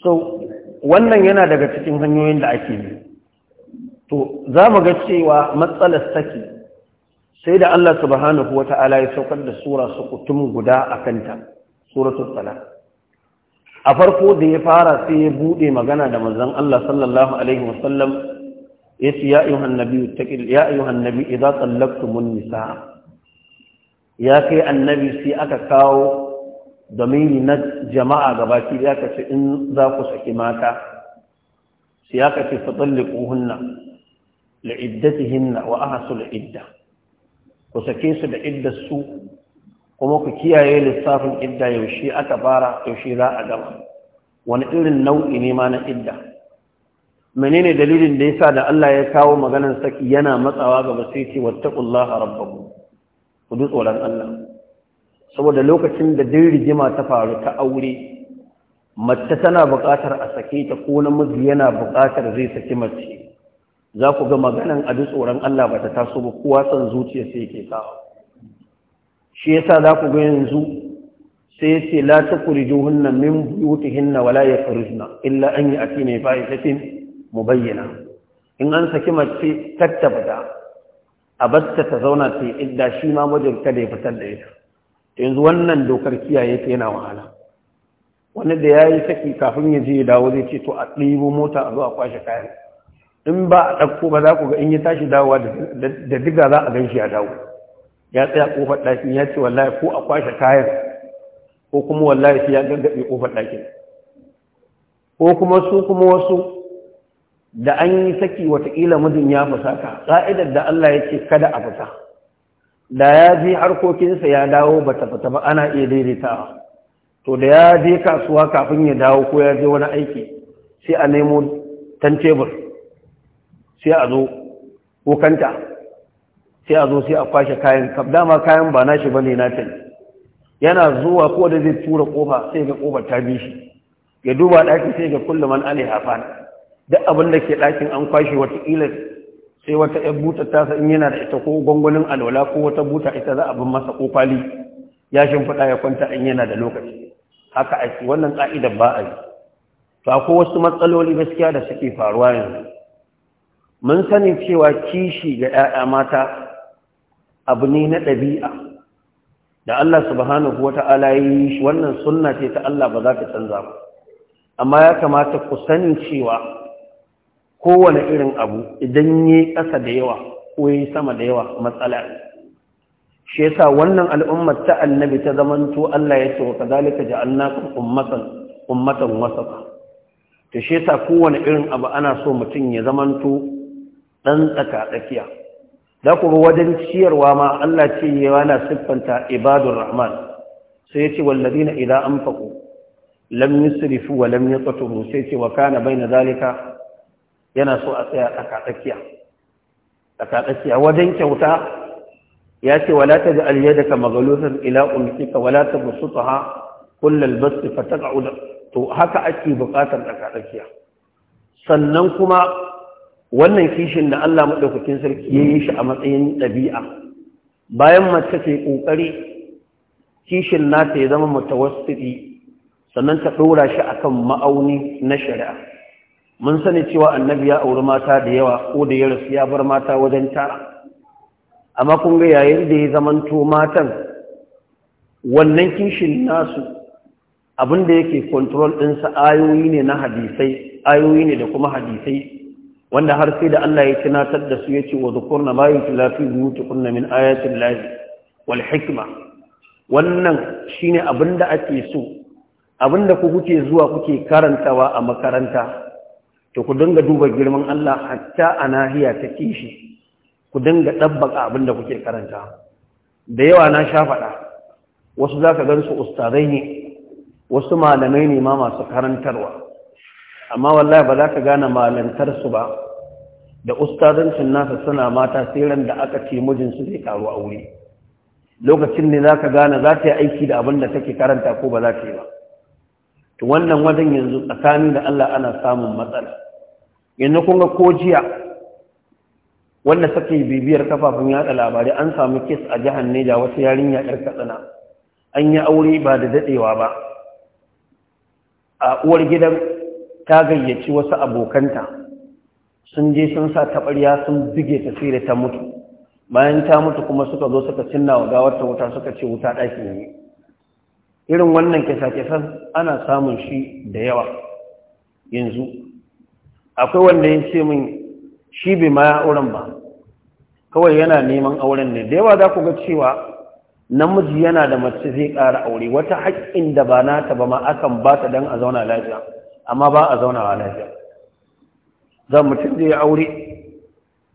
so wannan yana daga cikin hanyoyin da ake bi to za mu ga cewa matsalar saki sai da Allah subhanahu wata'ala ya saukar da sura su kutum guda a kanta suratul talaq a farko da ya fara sai ya bude magana da manzon Allah sallallahu alaihi wasallam yace ya ayyuhan nabiyyu taqil ya ayyuhan nabi idza tallaqtumun ya kai annabi sai aka kawo domini na jama'a gabaki ya aka in za ku saki mata sai aka ce fatalliquhunna li'iddatihinna wa ahsul idda ku sake su da iddar su kuma ku kiyaye lissafin idda yaushe aka fara yaushe za a gama wani irin nau'i ne ma na idda menene dalilin da yasa da Allah ya kawo maganar saki yana matsawa ga basiti wattaqullaha rabbakum ku du tsoron Allah saboda lokacin da din rigima ta faru ta aure mace tana buƙatar a sake ta ko namiji yana buƙatar zai saki mace za ku ga maganan a duk tsoron Allah ba ta taso ba kowa son zuciya sai ke kawo shi yasa za ku ga yanzu sai ce la takhrujuhunna min hinna wala ya yakhrujna illa an yi ya'tina mu bayyana. in an saki mace tattabata a basta ta zauna ta idda shi ma mijinta da ya fitar da ita yanzu wannan dokar kiyaye ta yana wahala wani da ya yi saki kafin ya je ya dawo zai ce to a ɗibo mota a zo a kwashe kayan in ba a ɗauko ba za ku ga in ya tashi dawowa da diga za a gan shi ya dawo ya tsaya kofar ɗakin ya ce wallahi ko a kwashe kayan ko kuma wallahi sai ya gaggabe kofar ɗakin ko kuma su kuma wasu da an yi saki watakila mijin ya fusaka ƙa'idar da Allah ya ce kada a fasa. da ya je harkokinsa ya dawo ba ta fata ba ana iya daidaitawa to da ya je kasuwa kafin ya dawo ko ya je wani aiki sai a nemo tan tebur sai a zo ko kanta sai a zo sai a kwashe kayan kaf dama kayan ba nashi bane na ta yana zuwa ko da zai tura kofa sai ga kofar ta bi shi ya duba ɗakin sai ga kullu man duk abin da ke dakin an kwashe wata ila, sai wata yar buta ta san yana da ita ko gwangwanin alwala ko wata buta ita za a bin masa kofali ya shimfiɗa ya kwanta in yana da lokaci haka a ake wannan ka'idar ba a yi to akwai wasu matsaloli gaskiya da suke faruwa yanzu mun sani cewa kishi ga 'ya'ya mata abu ne na ɗabi'a da Allah subhanahu wata'ala yi shi wannan sunna ce ta Allah ba za ta canza ba amma ya kamata ku sani cewa kowane irin abu idan yi ƙasa da yawa ko yi sama da yawa matsala shi yasa wannan al'ummar ta annabi ta zamanto Allah ya ce wa kadhalika ja'alnakum ummatan ummatan wasafa to shi yasa kowane irin abu ana so mutum ya zamanto dan tsaka tsakiya da ku wajen ciyarwa ma Allah ce yawa na siffanta ibadur rahman sai yace walladina idza anfaqu lam yusrifu wa lam yaqturu sai ce wa kana baina zalika yana so a tsaya a tsakiya tsaka wajen kyauta ya ce ji taj'al yadaka maghlulatan ila umkika wala tabsutha kullal bast fataq'ud to haka ake bukatar tsaka tsakiya sannan kuma wannan kishin da Allah maɗaukakin sarki ya yi shi a matsayin ɗabi'a bayan mace ce ƙoƙari kishin nata ya zama mutawassiti sannan ta ɗora shi a kan ma'auni na shari'a mun sani cewa annabi ya auri mata da yawa ko da ya rasu ya bar mata wajen tara amma kun ga yayin da ya zamanto matan wannan kishin nasu abin da yake control ɗinsa ayoyi ne na hadisai ayoyi ne da kuma hadisai wanda har sai da Allah ya tunatar da su yace wa dhukurna ma yutla fi buyutikunna min ayati llahi wal hikma wannan shine abinda ake so abinda ku kuke zuwa kuke karantawa a makaranta to ku dinga duba girman Allah hatta a nahiya ta kishi ku dinga dabbaka abinda kuke karanta da yawa na sha faɗa wasu zaka gansu ustazai ne wasu malamai ne ma masu karantarwa amma wallahi ba za ka gane malantarsu ba da ustazancin nasa suna mata tseren da aka ce mijinsu zai karu a wuri lokacin ne za ka gane za ta yi aiki da abin da take karanta ko ba za ta yi ba to wannan wajen yanzu tsakani da Allah ana samun matsala yanzu kun ko jiya wanda take bibiyar kafafun yada labarai an samu kes a jihar Neja wata yarinya yar katsina an yi aure ba da dadewa ba a uwar gidan ta gayyaci wasu abokanta sun je sun sa taɓarya sun buge ta sai da ta mutu bayan ta mutu kuma suka zo suka cinna wa gawarta wuta suka ce wuta ɗaki ne irin wannan kyasa kisan ana samun shi da yawa yanzu akwai wanda ya ce min shi bai ma auren ba kawai yana neman auren ne da yawa za ku ga cewa namiji yana da mace zai ƙara aure wata haƙƙin da ba nata ba ma akan ba ta don a zauna lafiya amma ba a zauna a lafiya zan mutum da ya aure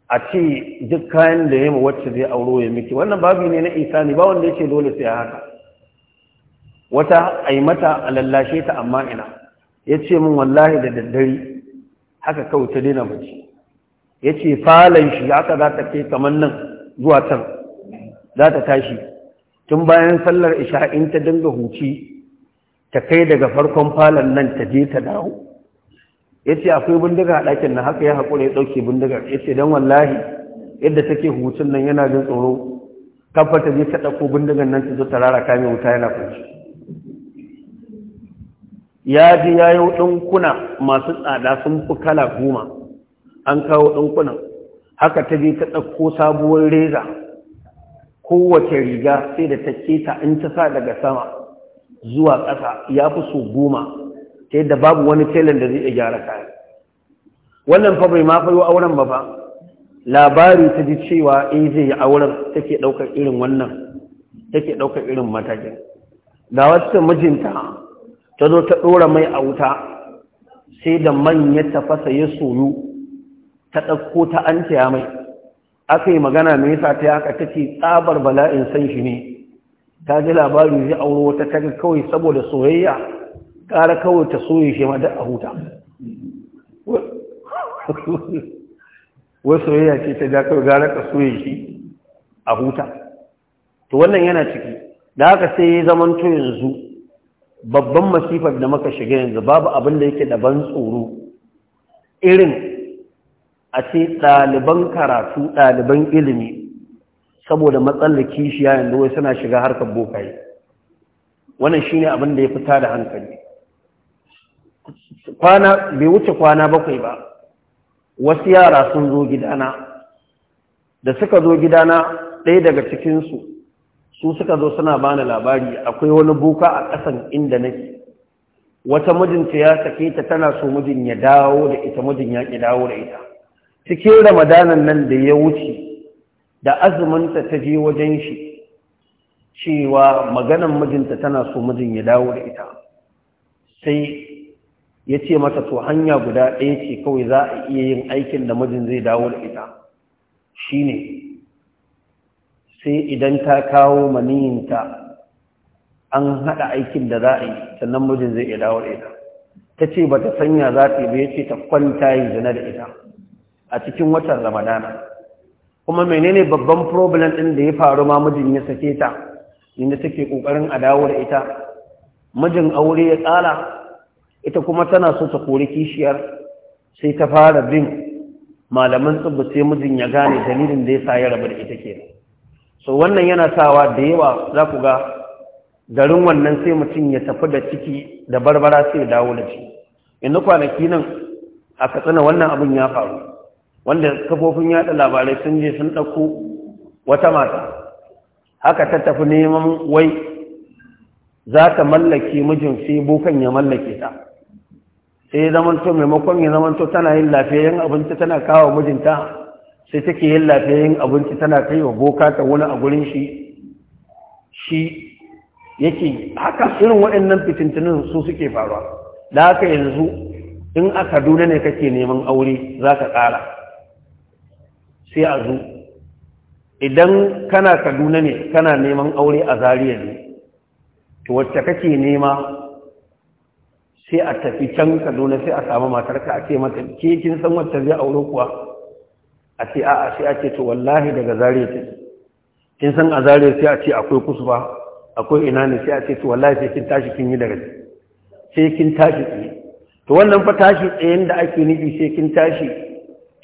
a ce duk kayan da ya yi wacce zai auro ya miki wannan babu ne na isa ne ba wanda ya ce dole sai haka wata aimata mata a lallashe ta amma ina ya ce min wallahi da daddare haka kawai ta daina mace ya ce falon shi haka za ta kai kamar nan zuwa can za ta tashi tun bayan sallar isha in ta dinga huci ta kai daga farkon falon nan ta je ta dawo ya ce akwai bindiga a ɗakin na haka ya haƙura ya ɗauke bindigar ya ce don wallahi yadda take hutun nan yana jin tsoro kafa ta je ta ɗauko bindigar nan ta zo ta rara kame wuta yana kunci ya ji ya yi ɗinkuna masu tsada sun fi kala goma an kawo ɗinkunan haka ta je ta ɗauko sabuwar reza kowace riga sai da ta keta in ta sa daga sama zuwa ƙasa ya fi so goma ta yadda babu wani telan da zai iya gyara kayan wannan fa bai ma fayo auren ba fa labari ta ji cewa in eh, zai yi auren take ɗaukar irin wannan take ɗaukar irin matakin da wata mijinta ta zo ta ɗora mai a wuta sai da man ya tafasa ya soyu ta ɗauko ta an mai aka yi magana mai yasa ta yaka ta tsabar bala'in san shi ne ta ji labari zai auro wata taga kawai saboda soyayya ƙara kawai ta soye shi ma da a huta wai soyayya ce ta ja gara ka soye shi a huta to wannan yana ciki da haka sai ya zaman to yanzu babban masifar da muka shiga yanzu babu abin da yake daban tsoro irin a ce ɗaliban karatu ɗaliban ilimi saboda matsalar kishiya yanzu wai suna shiga harkar bokaye wannan shine abin da ya fita da hankali kwana bai wuce kwana bakwai ba wasu yara sun zo gidana da suka zo gidana ɗaya daga cikinsu su suka zo suna bani labari akwai wani boka a ƙasan inda nake wata mijinta ya sake ta tana so mijin ya dawo da ita mijin ya ƙi dawo da ita cikin ramadanan nan da ya wuce da azuminta ta je wajen shi cewa maganan mijinta tana so mijin ya dawo da ita sai ya ce mata to hanya guda ɗaya ce kawai za a iya yin aikin da mijin zai dawo da ita Shi ne sai idan ta kawo maniyinta an haɗa aikin da za a yi sannan mijin zai iya dawo da ita ta ce ba ta sanya za ta yi ba ya ce ta kwanta yi zina da ita a cikin watan ramadana kuma menene babban problem ɗin da ya faru ma mijin ya sake ta inda take kokarin a dawo da ita mijin aure ya tsala? ita kuma tana so ta kori kishiyar sai ta fara bin malaman tsibbi sai mijin ya gane dalilin da ya sa ya rabu da ita ke. so wannan yana sawa da yawa za ku ga garin wannan sai mutum ya tafi da ciki da barbara sai ya dawo da shi inda kwanaki nan a katsina wannan abin ya faru wanda kafofin yada labarai sun je sun ɗauko wata mata haka ta tafi neman wai za ta mallake mijin sai bukan ya mallake ta sai ya zamanto maimakon ya zamanto tana yin lafiyayyen abinci tana kawo mijinta sai take yin lafiyayyen abinci tana kai wa boka ta wani a gurin shi shi yake haka irin waɗannan fitintunin su suke faruwa da haka yanzu in a kaduna ne kake neman aure za ka ƙara sai a zo idan kana kaduna ne kana neman aure a zariya ne to wacce kake nema sai a tafi can kaduna sai a samu matarka a ce mata ke kin san wacce zai aure kuwa a ce a'a sai a ce to wallahi daga zariya ce kin san a zariya sai a ce akwai ba? akwai ina ne sai a ce to wallahi sai kin tashi kin yi daga sai kin tashi tsaye to wannan fa tashi tsayen da ake nufi sai kin tashi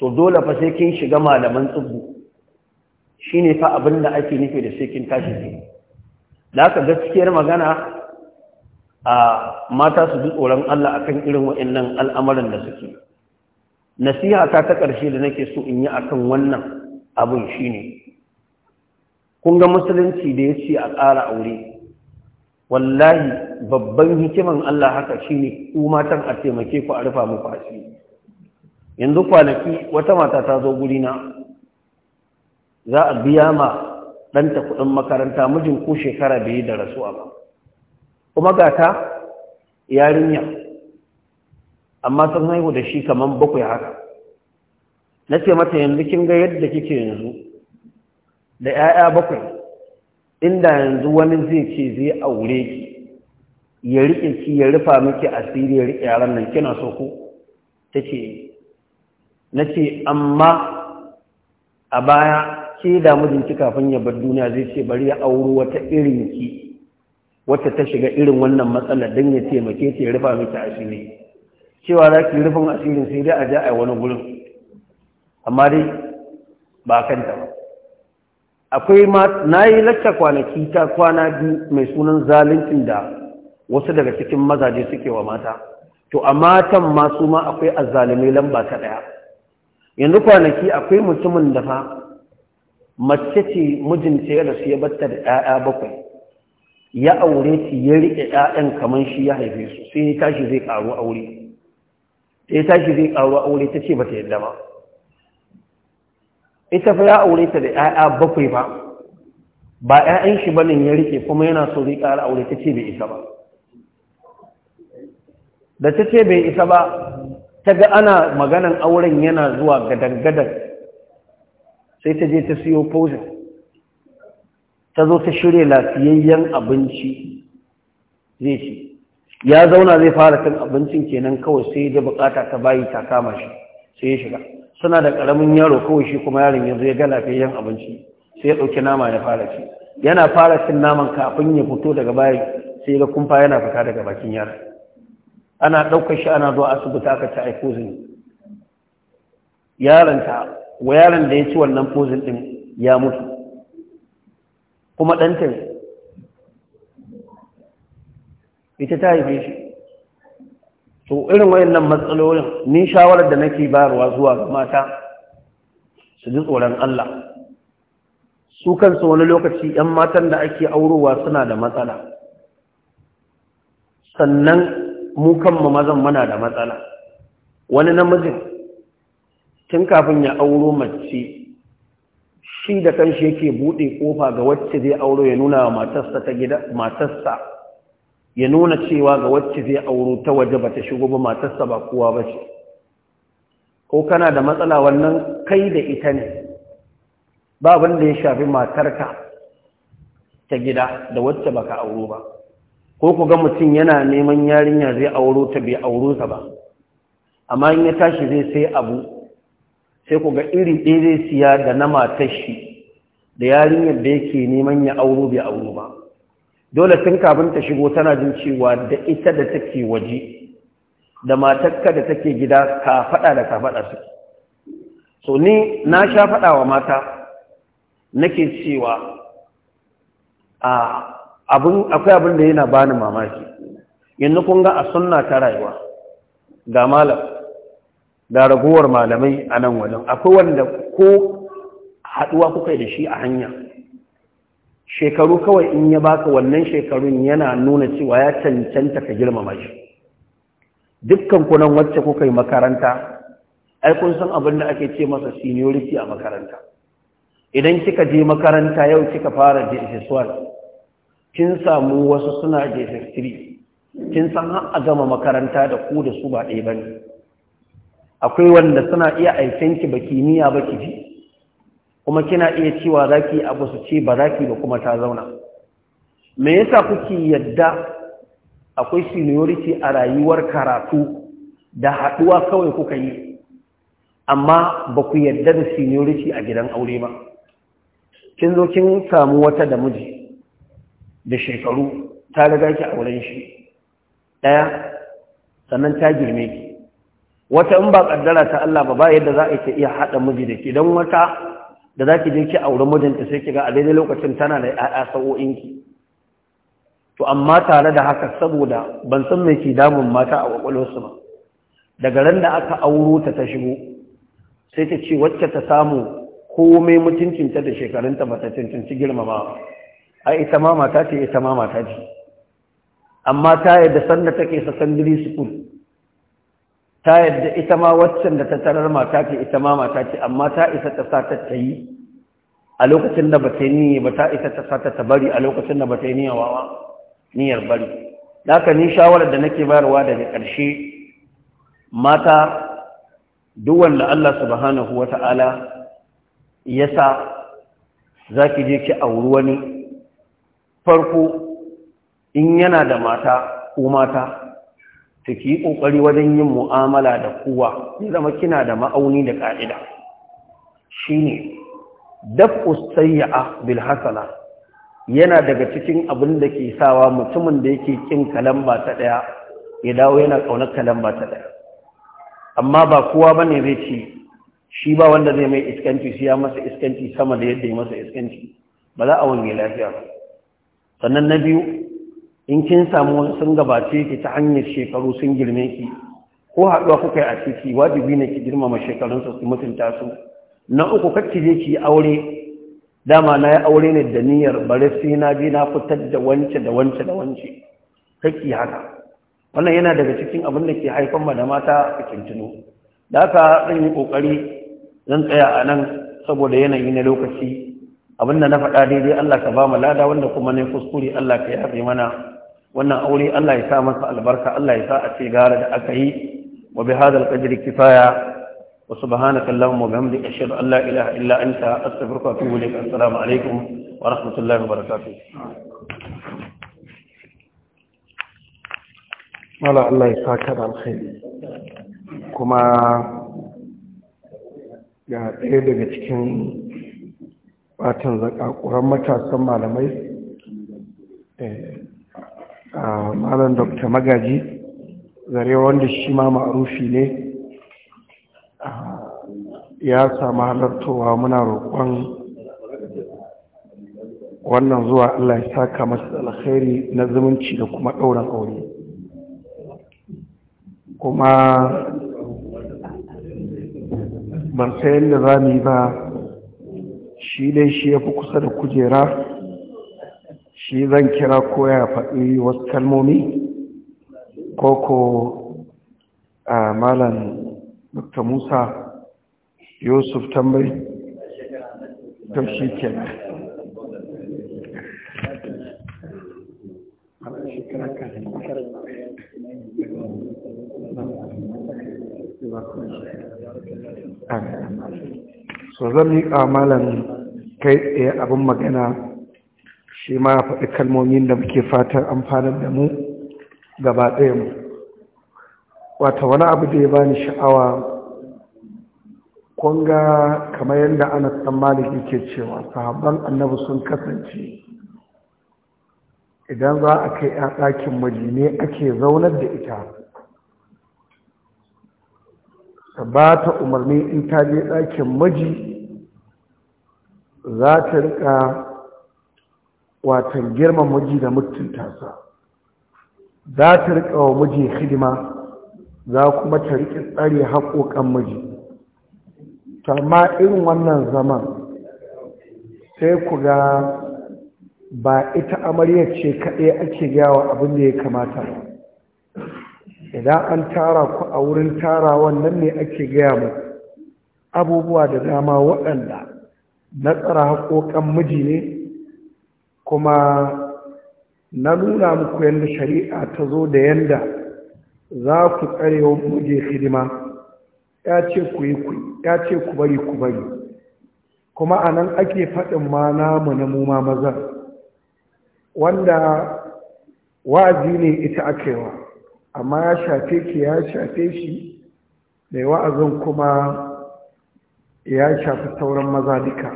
to dole fa sai kin shiga malaman tsubu shine fa abin da ake nufi da sai kin tashi ne da haka gaskiyar magana a mata su ji tsoron Allah akan irin wa'annan al'amuran da suke nasiha ta ta ƙarshe da nake so in yi akan wannan abin shine kun ga musulunci da ya ce a ƙara aure wallahi babban hikiman Allah haka shine ku matan a taimake ku a rufa muku asiri yanzu kwanaki wata mata ta zo na za a biya ma ɗanta kuɗin makaranta mijin ko shekara bai da rasuwa ba kuma ga ta yarinya amma sun haihu da shi kamar bakwai haka na ce mata yanzu kin ga yadda kike yanzu da 'ya'ya bakwai inda yanzu wani zai ce zai aure ki ya riƙe ki ya rufa miki asiri ya riƙe yaran nan kina so ku ta ce na ce amma a baya ke da mijinki kafin ya bar duniya zai ce bari ya auro wata irin ki wacce ta shiga irin wannan matsala don ya taimake ta ya rufa miki asiri cewa za ki rufin asirin sai dai a ja a wani gurin amma dai ba kanta ba akwai ma na yi lacca kwanaki ta kwana biyu mai sunan zalincin da wasu daga cikin mazaje suke wa mata to a matan ma su ma akwai azzalumai lamba ta ɗaya yanzu kwanaki akwai mutumin da fa mace ce mijinta ya rasu ya batta da 'ya'ya bakwai ya aure ci ya riƙe 'ya'yan kamar shi ya haife su sai ya tashi zai ƙaru aure ya tashi zai ƙaru aure ta ce bata yadda ba ita fa ya aure ta da 'ya'ya bakwai ba ba 'ya'yan shi bane ya riƙe kuma yana so zai ƙara aure ta ce bai isa ba da ta ce bai isa ba ta ga ana maganan auren yana zuwa dangadar sai ta je ta siyo posin ta zo ta shirya lafiyayyen abinci zai ci ya zauna zai fara cin abincin kenan kawai sai da bukata ta bayi ta kama shi sai ya shiga suna da karamin yaro kawai shi kuma yaron yanzu ya ga lafiyayyen abinci sai ya ɗauki nama ya fara ci yana fara cin naman kafin ya fito daga bayan sai ga kumfa yana fita daga bakin yaron ana ɗaukar shi ana zuwa asibiti aka ci ai pozin ta, wa yaron da ya ci wannan pozin ɗin ya mutu kuma ɗanta ita ta haife shi to irin wayannan matsalolin ni shawarar da nake bayarwa zuwa ga mata su ji tsoron Allah su kansu wani lokaci 'yan matan da ake aurowa suna da matsala sannan mu kanmu mazan muna da matsala wani namiji tun kafin ya auro mace shi da kanshi yake buɗe ƙofa ga wacce zai auro ya nuna wa matarsa ta gida matarsa ya nuna cewa ga wacce zai auro ta waje ba ta shigo ba matarsa ba kowa ba ce ko kana da matsala wannan kai da ita ne ba wanda ya shafi matarka ta gida da wacce baka auro ba ko ku ga mutum yana neman yarinya zai auro ta bai auro ta ba amma in ya tashi zai sai abu sai ku ga iri ɗaya zai siya da na matar shi da yarinyar da yake neman ya auro bai auro ba dole tun kafin ta shigo tana jin cewa da ita da take waje da matakka da take gida ka faɗa da ka faɗa su so ni na sha faɗa wa mata nake cewa a ah, akwai abin da yana bani mamaki yanzu kun ga a sunna ta rayuwa ga malam da ragowar malamai a nan wajen akwai wanda ko haɗuwa kuka da shi a hanya shekaru kawai in ya baka wannan shekarun yana nuna cewa ya cancanta ka girmama shi dukkan kunan wacce kuka yi makaranta ai kun san abin da ake ce masa seniority a makaranta idan kika je makaranta yau kika fara ds kin samu wasu suna da kin san har a gama makaranta da ku da su ba ɗaya ba ne akwai wanda suna iya aikenki ba kimiyya ba ki ji kuma kina iya cewa za ki abu su ce ba za ki ba kuma ta zauna me yasa kuke yadda akwai seniority a rayuwar karatu da haɗuwa kawai kuka yi amma ba ku yadda da seniority a gidan aure ba kin zo kin samu wata da miji da shekaru ta riga ki auren shi ɗaya sannan ta girme ki wata in ba kaddara ta Allah ba ba yadda za a ke iya haɗa miji da ke don wata da zaki je ki auren mijinta sai ki ga a daidai lokacin tana da sa'o'in ki. to amma tare da haka saboda ban san me ke damun mata a kwakwalwarsu ba daga ran da aka auro ta ta shigo sai ta ce wacce ta samu komai mutuncinta da shekarunta ba ta cancanci girmama ai ita ma mata ce ita ma mata ce amma ta yadda sanda take secondary school ta yadda ita ma waccan da ta tarar mata ce ita ma mata ce amma ta isa ta sa ta tayi yi a lokacin da ba ta yi ba ta isa ta sa ta ta bari a lokacin da ba ta yi niyawa niyyar bari haka ni shawarar da nake bayarwa daga ƙarshe mata duk wanda Allah subhanahu wata'ala ya sa za ki je ki auri wani farko in yana da mata ko mata ta ki ƙoƙari wajen yin mu'amala da kowa ya zama kina da ma'auni da ƙa'ida shi ne daf'us sayya'a bil hasana yana daga cikin abin da ke sawa mutumin da yake kin kalamba ta ɗaya ya dawo yana ƙaunar kalamba ta ɗaya amma ba kowa ba ne zai ce shi ba wanda zai mai iskanci shi ya masa iskanci sama da yadda ya masa iskanci ba za a wange lafiya ba sannan na biyu in kin samu sun gabace ki ta hanyar shekaru sun girme ki ko haɗuwa kuka yi a ciki wajibi ne ki girmama shekarunsa su mutunta su na uku kacce je ki yi aure dama na yi aure ne da niyyar bari sai na je na fitar da wance da wance da wance kakki haka wannan yana daga cikin abin da ke haifar ma da mata a kintino da haka zan yi ƙoƙari zan tsaya a nan saboda yanayi na lokaci abinda na faɗa daidai Allah ka ba mu lada wanda kuma ne kuskure Allah ka yafe mana wannan aure Allah ya sa masa albarka Allah ya sa a ce gara da aka yi wa bi hadal qadri kifaya wa subhanaka allahumma wa bihamdika ashhadu an la ilaha illa anta astaghfiruka wa atubu ilaik assalamu alaikum wa rahmatullahi wa barakatuh wala Allah ya saka da alkhairi kuma ga ɗaya daga cikin watan zakakuran matasan malamai eh, a malam dr magaji zare wanda shi ma ma'arufi ne ya samu halartowa muna roƙon wannan zuwa allah ya saka masu alkhairi na zumunci da kuma ɗaurin aure kuma ban sayan da za mu yi ba shi dai shi ya fi kusa da kujera shi zan kira ko ya faɗi wasu kalmomi ko ko a malam dr musa yusuf tambayi ta shi kenan Amen. so zan yi malam kai tsaye abin magana shi ma faɗi kalmomin da muke fatan amfanar da mu gaba ɗaya mu wata wani abu da ya bani sha'awa kunga kamar yadda ana tsammanin yake ke cewa sahabban annabi sun kasance idan za a kai ɗakin maji ne ake zaunar da ita ka ba ta umarni in ta je ɗakin maji za ta rika watan girman maji da mutunta sa za ta rika wa maji hidima za kuma ta rike tsare haƙoƙan maji ma irin wannan zaman sai ku ga ba ita amaryar ce kaɗai ake gawa abin da ya kamata idan an tara ku a wurin tarawan nan ne ake gaya mu abubuwa da dama waɗanda na tsara haƙoƙan miji ne kuma na nuna muku yadda shari'a ta zo da yadda za ku tsare wa muje hidima ya ce ku yi ku ya ce ku bari ku bari kuma a nan ake faɗin ma namu na muma mazan. wanda wa'azi ne ita akewa amma ya shafe ki ya shafe shi mai wa'azin kuma ya shafi sauran maza duka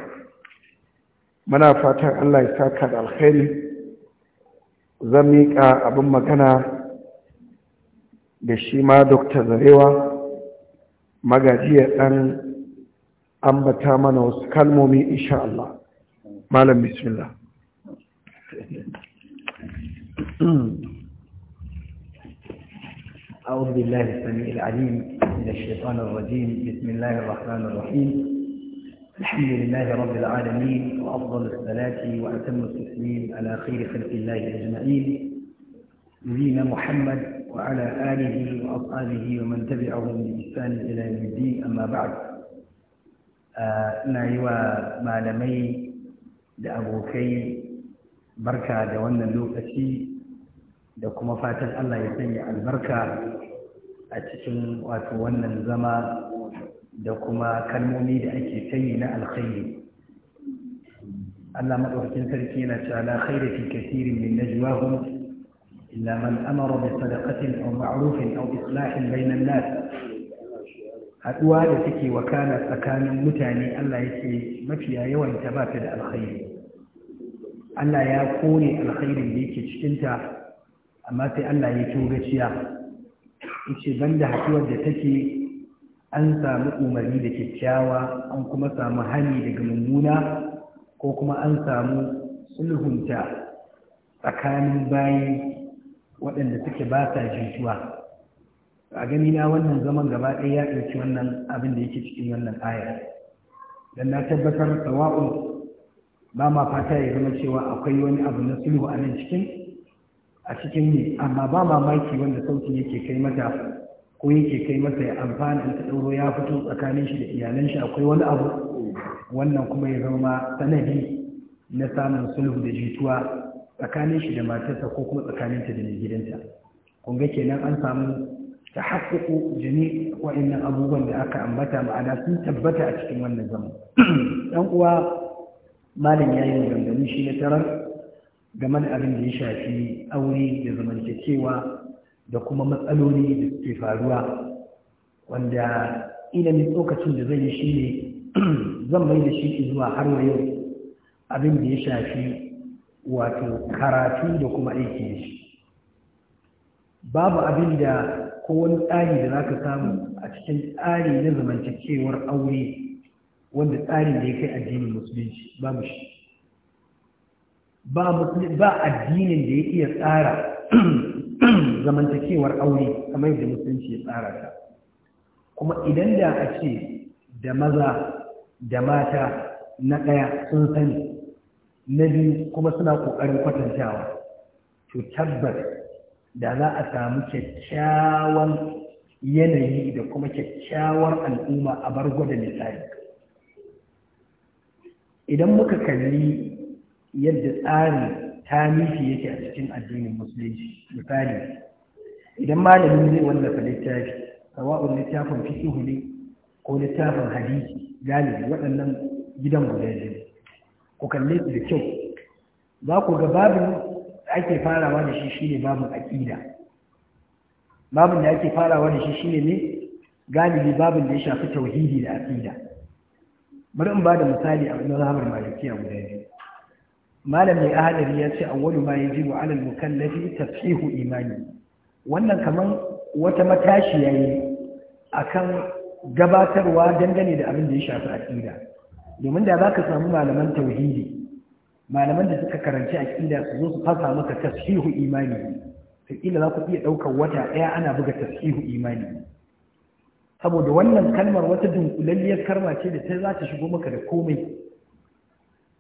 muna fatan allah ya saka da alkhairi zan miƙa abin magana da shi ma dokta zarewa magajiya ɗan ambata mana wasu kalmomi insha Allah malam bismillah أعوذ بالله السميع العليم من الشيطان الرجيم بسم الله الرحمن الرحيم الحمد لله رب العالمين وأفضل الصلاة وأتم التسليم على خير خلق الله أجمعين نبينا محمد وعلى آله وأصحابه ومن تبعهم بإحسان إلى يوم الدين أما بعد آه، نعيوا أيوة ما لمي لأبوكي بركة دوانا لوكتي da kuma fatan Allah ya sanya albarka a cikin wato wannan zama da kuma kalmomi da ake tayi na alkhairi Allah madaukakin sarki yana cewa la khaira fi kathirin min najwahum illa man amara bi sadaqatin aw ma'rufin aw islahin bainan nas Haɗuwa da take wakana tsakanin mutane Allah yake mafiya yawan ta ba ta da alkhairi Allah ya kone alkhairin da yake cikinta amma sai Allah ya ciwo gaciya yace banda haɗuwar da take an samu umarni da kyakkyawa an kuma samu hani daga mummuna ko kuma an samu sulhunta tsakanin bayi waɗanda suke ba sa jituwa a gani na wannan zaman gaba ɗaya ya ɗauki wannan abin da yake cikin wannan aya dan na tabbatar tsawa'u ba ma fata ya zama cewa akwai wani abu na sulhu a nan cikin a cikin ne amma ba mamaki wanda sautin yake kai mata ko yake kai mata ya amfana da tsoro ya fito tsakanin shi da iyalan shi akwai wani abu wannan kuma ya zama sanadi na samun sulhu da jituwa tsakanin shi da matarsa ko kuma tsakaninta da mai gidanta kun ga kenan an samu ta haƙƙoƙo jini wa'annan abubuwan da aka ambata ma'ana sun tabbata a cikin wannan zaman ɗan uwa malam ya yi maganganu shi na tarar game da abin da ya shafi aure da zamantakewa da kuma matsaloli da suke faruwa wanda ilimin tsokacin da zai yi shi ne zan mai da shi zuwa har wa yau abin da ya shafi wato karatu da kuma aiki da shi babu abin da ko wani tsari da za ka samu a cikin tsari na zamantakewar aure wanda tsarin da ya kai addinin musulunci babu shi ba ba addinin da ya iya tsara zamantakewar aure kamar yadda musulunci ya tsara ta kuma idan da a ce da maza da mata na ɗaya sun sani na biyu kuma suna ƙoƙarin kwatantawa to tabbas da za a samu kyakkyawan yanayi da kuma kyakkyawar al'umma a bar gwada misali idan muka kalli yadda tsarin nufi yake a cikin addinin musulunci misali idan malamin zai wallafa littafi sawa'un littafin fiqh ne ko littafin hadisi galibi waɗannan gidan guda biyu ku kalle su da kyau za ku ga babin ake farawa da shi shine babin aqida babin da ake farawa da shi shine ne galibi babin da ya shafi tauhidi da aqida bari in ba da misali a mazhabar malikiya guda biyu malam mai ahadari ya ce awwalu ma yajibu alal mukallafi tafsihu imani wannan kaman wata matashi yayi akan gabatarwa dangane da abin da ya shafi aqida domin da zaka samu malaman tauhidi malaman da suka karanci aqida su zo su fasa maka tafsihu imani kila za ku iya ɗaukar wata ɗaya ana buga tasihu imani saboda wannan kalmar wata dunkulalliyar karma ce da ta za ta shigo maka da komai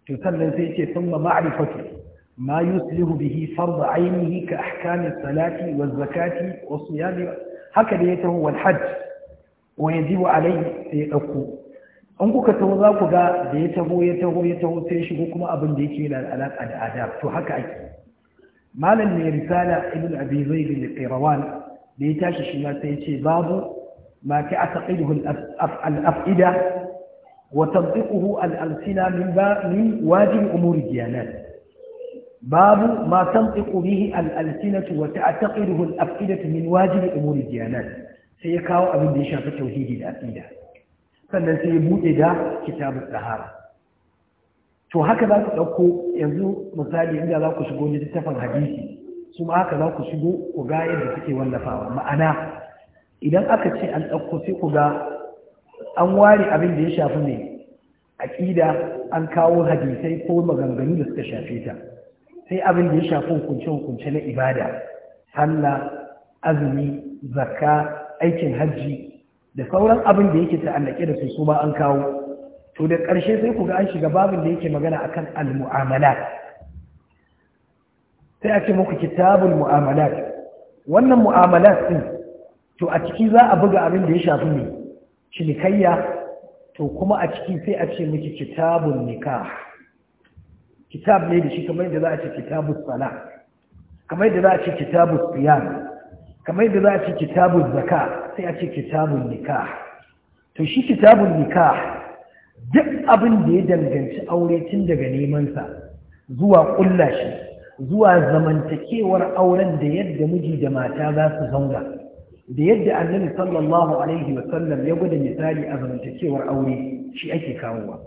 to sannan sai ce sun ma ma'arifatu ma yuslihu bihi farz ainihi ka ahkamin salati wa zakati wa siyami haka da ya taho wal hajj wa yajibu alayhi sai ya dauko an kuka taho za ku ga da ya taho ya taho ya taho sai shigo kuma abin da yake da alaƙa da adab to haka ake malam ne risala ibn abi zaid al-qirawani da ya tashi shi ma sai ya ce babu ma ta'taqiduhu al-af'ida وتنطقه الألسنة من, من واجب أمور الديانات باب ما تنطق به الألسنة وتعتقده الأفئدة من واجب أمور الديانات سيكاو أبن ديشا في توحيد الأفئدة sannan sai ya buɗe da kitabun tsahara to haka za ku ɗauko yanzu misali inda za ku shigo littattafan hadisi su ma haka za ku shigo ku ga yadda suke wallafawa ma'ana idan aka ce an ɗauko sai ku ga an ware abin da ya shafi ne aƙida an kawo hadisai ko maganganu da suka shafe ta sai abin da ya shafi hukunce-hukunce na ibada sallah azumi zakka aikin hajji da sauran abin da yake ta'allake da su ma an kawo to da ƙarshe sai ku ga an shiga babin da yake magana akan al-mu'amalat sai a ce muku kitabul mu'amalat wannan mu'amalat din to a ciki za a buga abin da ya shafi ne cinikayya to kuma a ciki sai a ce miki kitabun nikah kitab ne da shi kamar yadda za a ce kitabun sala kamar yadda za a ce kitabun siyan, kamar yadda za a ce kitabun zaka sai a ce kitabun nikah to shi kitabun nikah duk abin da ya danganci aure tun daga nemansa zuwa kulla shi zuwa zamantakewar auren da yadda miji da mata za su zauna da yadda annabi sallallahu alaihi wasallam ya gwada misali a zamantakewar aure shi ake kawowa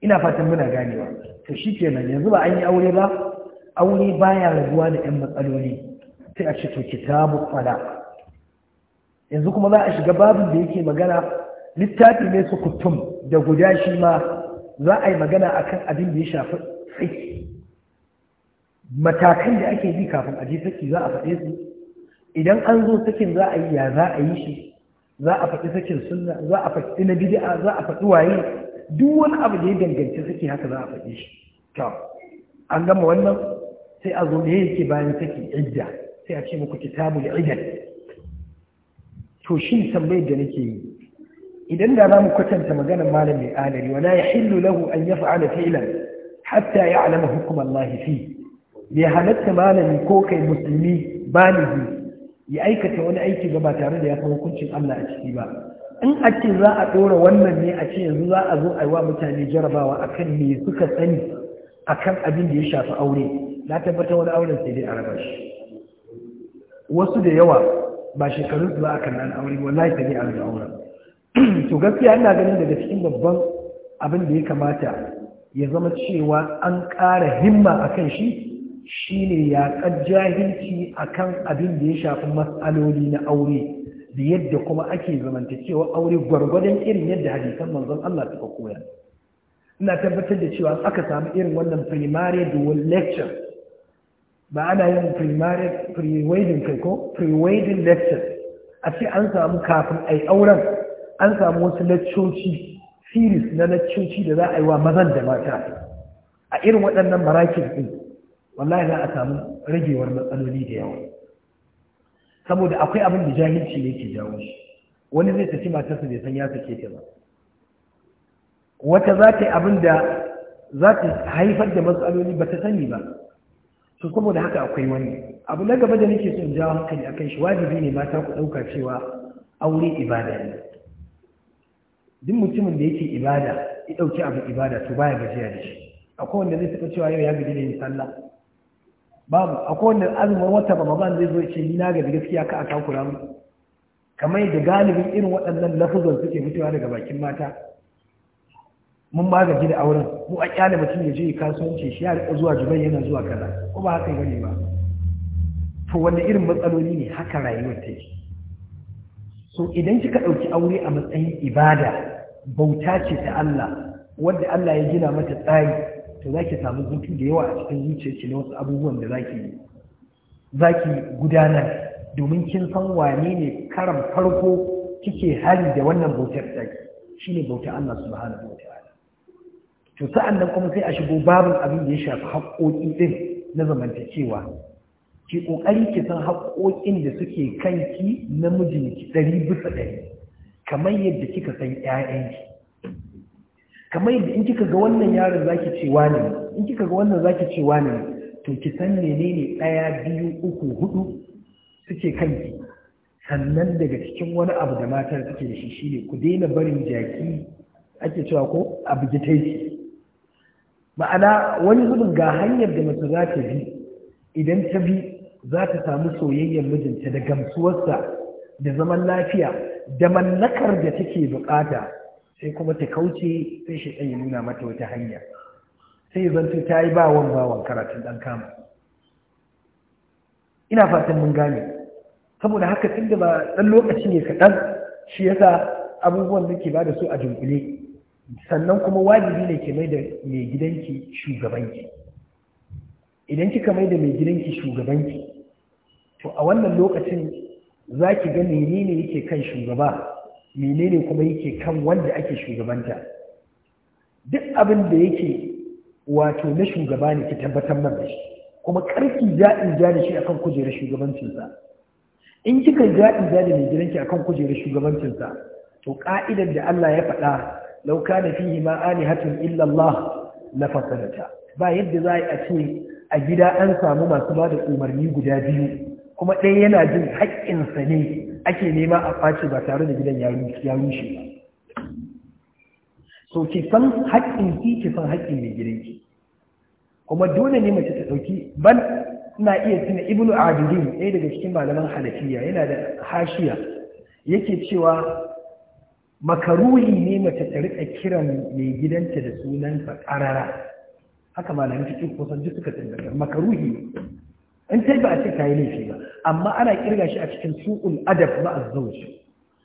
ina fatan muna ganewa to shi kenan yanzu ba an yi aure ba aure baya rabuwa da 'yan matsaloli sai a ce to kitabu fala yanzu kuma za a shiga babin da yake magana littafi ne su kutum da guda shi ma za a yi magana akan abin da ya shafi tsaki matakan da ake bi kafin a je saki za a faɗe su idan an zo sakin za a yi ya za a yi shi za a faɗi sakin sunna za a faɗi na bid'a za a faɗi waye duk wani abu da ya danganci saki haka za a faɗi shi to an gama wannan sai a zo ne yake bayan saki idda sai a ce muku da idda to shin tambayar da nake yi idan da za mu kwatanta maganar malam mai adali wala yahillu lahu an yaf'ala fi'lan hatta ya'lama hukm Allah fi bai halatta malami ko kai musulmi bi? ya aikata wani aiki ba tare da ya san hukuncin Allah a ciki ba in a ce za a ɗora wannan ne a ce yanzu za a zo a yi wa mutane jarabawa akan me suka sani kan abin da ya shafi aure na tabbatar wani auren sai dai a raba shi wasu da yawa ba shekarun su ba a kan aure wallahi sai dai a raba auren to gaskiya ina ganin daga cikin babban abin da ya kamata ya zama cewa an ƙara himma akan shi shine yaƙar jahilci akan abin da ya shafi matsaloli na aure da yadda kuma ake zamantakewa aure gwargwadon irin yadda hadisan manzon Allah suka koya ina tabbatar da cewa aka samu irin wannan primary dual lecture ba ana yin primary pre-wedding kai ko pre-wedding lecture a ce an samu kafin yi auren an samu wasu laccoci series na laccoci da za a yi wa mazan da mata a irin waɗannan marakin din wallahi za a samu ragewar matsaloli da yawa saboda akwai abin da jahilci ne ke jawo shi wani zai tafi matarsa bai san ya sake ta ba wata za ta yi abin da za ta haifar da matsaloli ba ta sani ba to saboda haka akwai wani abu na gaba da nake son jawo hankali akan shi wajibi ne mata ku ɗauka cewa aure ibada ne duk mutumin da yake ibada ya ɗauki abu ibada to baya gajiya da shi akwai wanda zai taɓa cewa yau ya gaji da yin sallah babu a wanda azumin wata ramadan zai zo ce ni na gaji gaskiya ka a takura mu kamar yadda galibin irin waɗannan lafuzan suke fitowa daga bakin mata mun ba magaji da auren mu a kyale mutum ya je kasuwanci shi ya riƙa zuwa jubai yana zuwa kaza ko ba haka ne ba to wanne irin matsaloli ne haka rayuwar yi so idan kika ɗauki aure a matsayin ibada bauta ce ta Allah wanda Allah ya gina mata tsari to za ki samu hutu da yawa a cikin zuciyarki na wasu abubuwan da za ki gudanar domin kin san wane ne karan farko kike hali da wannan bautar da shi ne bautar Allah subhanahu wa ta'ala to sa'an nan kuma sai a shigo babin abin da ya shafi haƙoƙi ɗin na zamantakewa ki ƙoƙari ki san haƙoƙin da suke kanki na mijinki ɗari bisa ɗari kamar yadda kika san 'ya'yanki kamar yadda in kika ga wannan yaron zaki ce wani in kika ga wannan zaki ce wani to ki san menene ɗaya biyu uku hudu suke kanki sannan daga cikin wani abu da matar take da shi shine ku daina barin jaki ake cewa ko a bugi shi ma'ana wani gudun ga hanyar da mace za ta bi idan ta bi za ta samu soyayyar mijinta da gamsuwarsa da zaman lafiya da mallakar da take bukata sai kuma ta kauce sai shi ɗan ya nuna mata wata hanya sai zanto ta yi bawan bawan karatun ɗan kama ina fatan mun gane saboda haka tun da ba ɗan lokaci ne kaɗan shi yasa abubuwan da ke ba da su a dunkule sannan kuma wajibi ne ke mai da mai gidanki shugabanki idan kika mai da mai gidanki shugabanki to a wannan lokacin za ki ga ne yake kan shugaba menene kuma yake kan wanda ake shugabanta duk abin da yake wato na shugaba ne ki tabbatar man da shi kuma karki ja'in ja da shi akan kujerar shugabancinsa in kika ja'in ja da mai gidanki akan kujerar shugabancinsa to ka'idar da Allah ya faɗa lauka da fi ma alihatun illa Allah na fasadata ba yadda za a ce a gida an samu masu ba da umarni guda biyu kuma ɗaya yana jin haƙƙinsa ne ake nema a face ba tare da gidan ya rushe ba so ke san haƙƙin ki ke san haƙƙin mai gidanki kuma dole ne mace ta ɗauki ban ina iya tuna ibnu abidin ɗaya daga cikin malaman halafiya yana da hashiya yake cewa makaruhi ne mace ta riƙa kiran mai gidanta da sunansa ƙarara haka malamin cikin kusan duk suka tambaya makaruhi in kai ba a ce kayi laifi ba amma ana kirga shi a cikin su'ul adab ma azzawj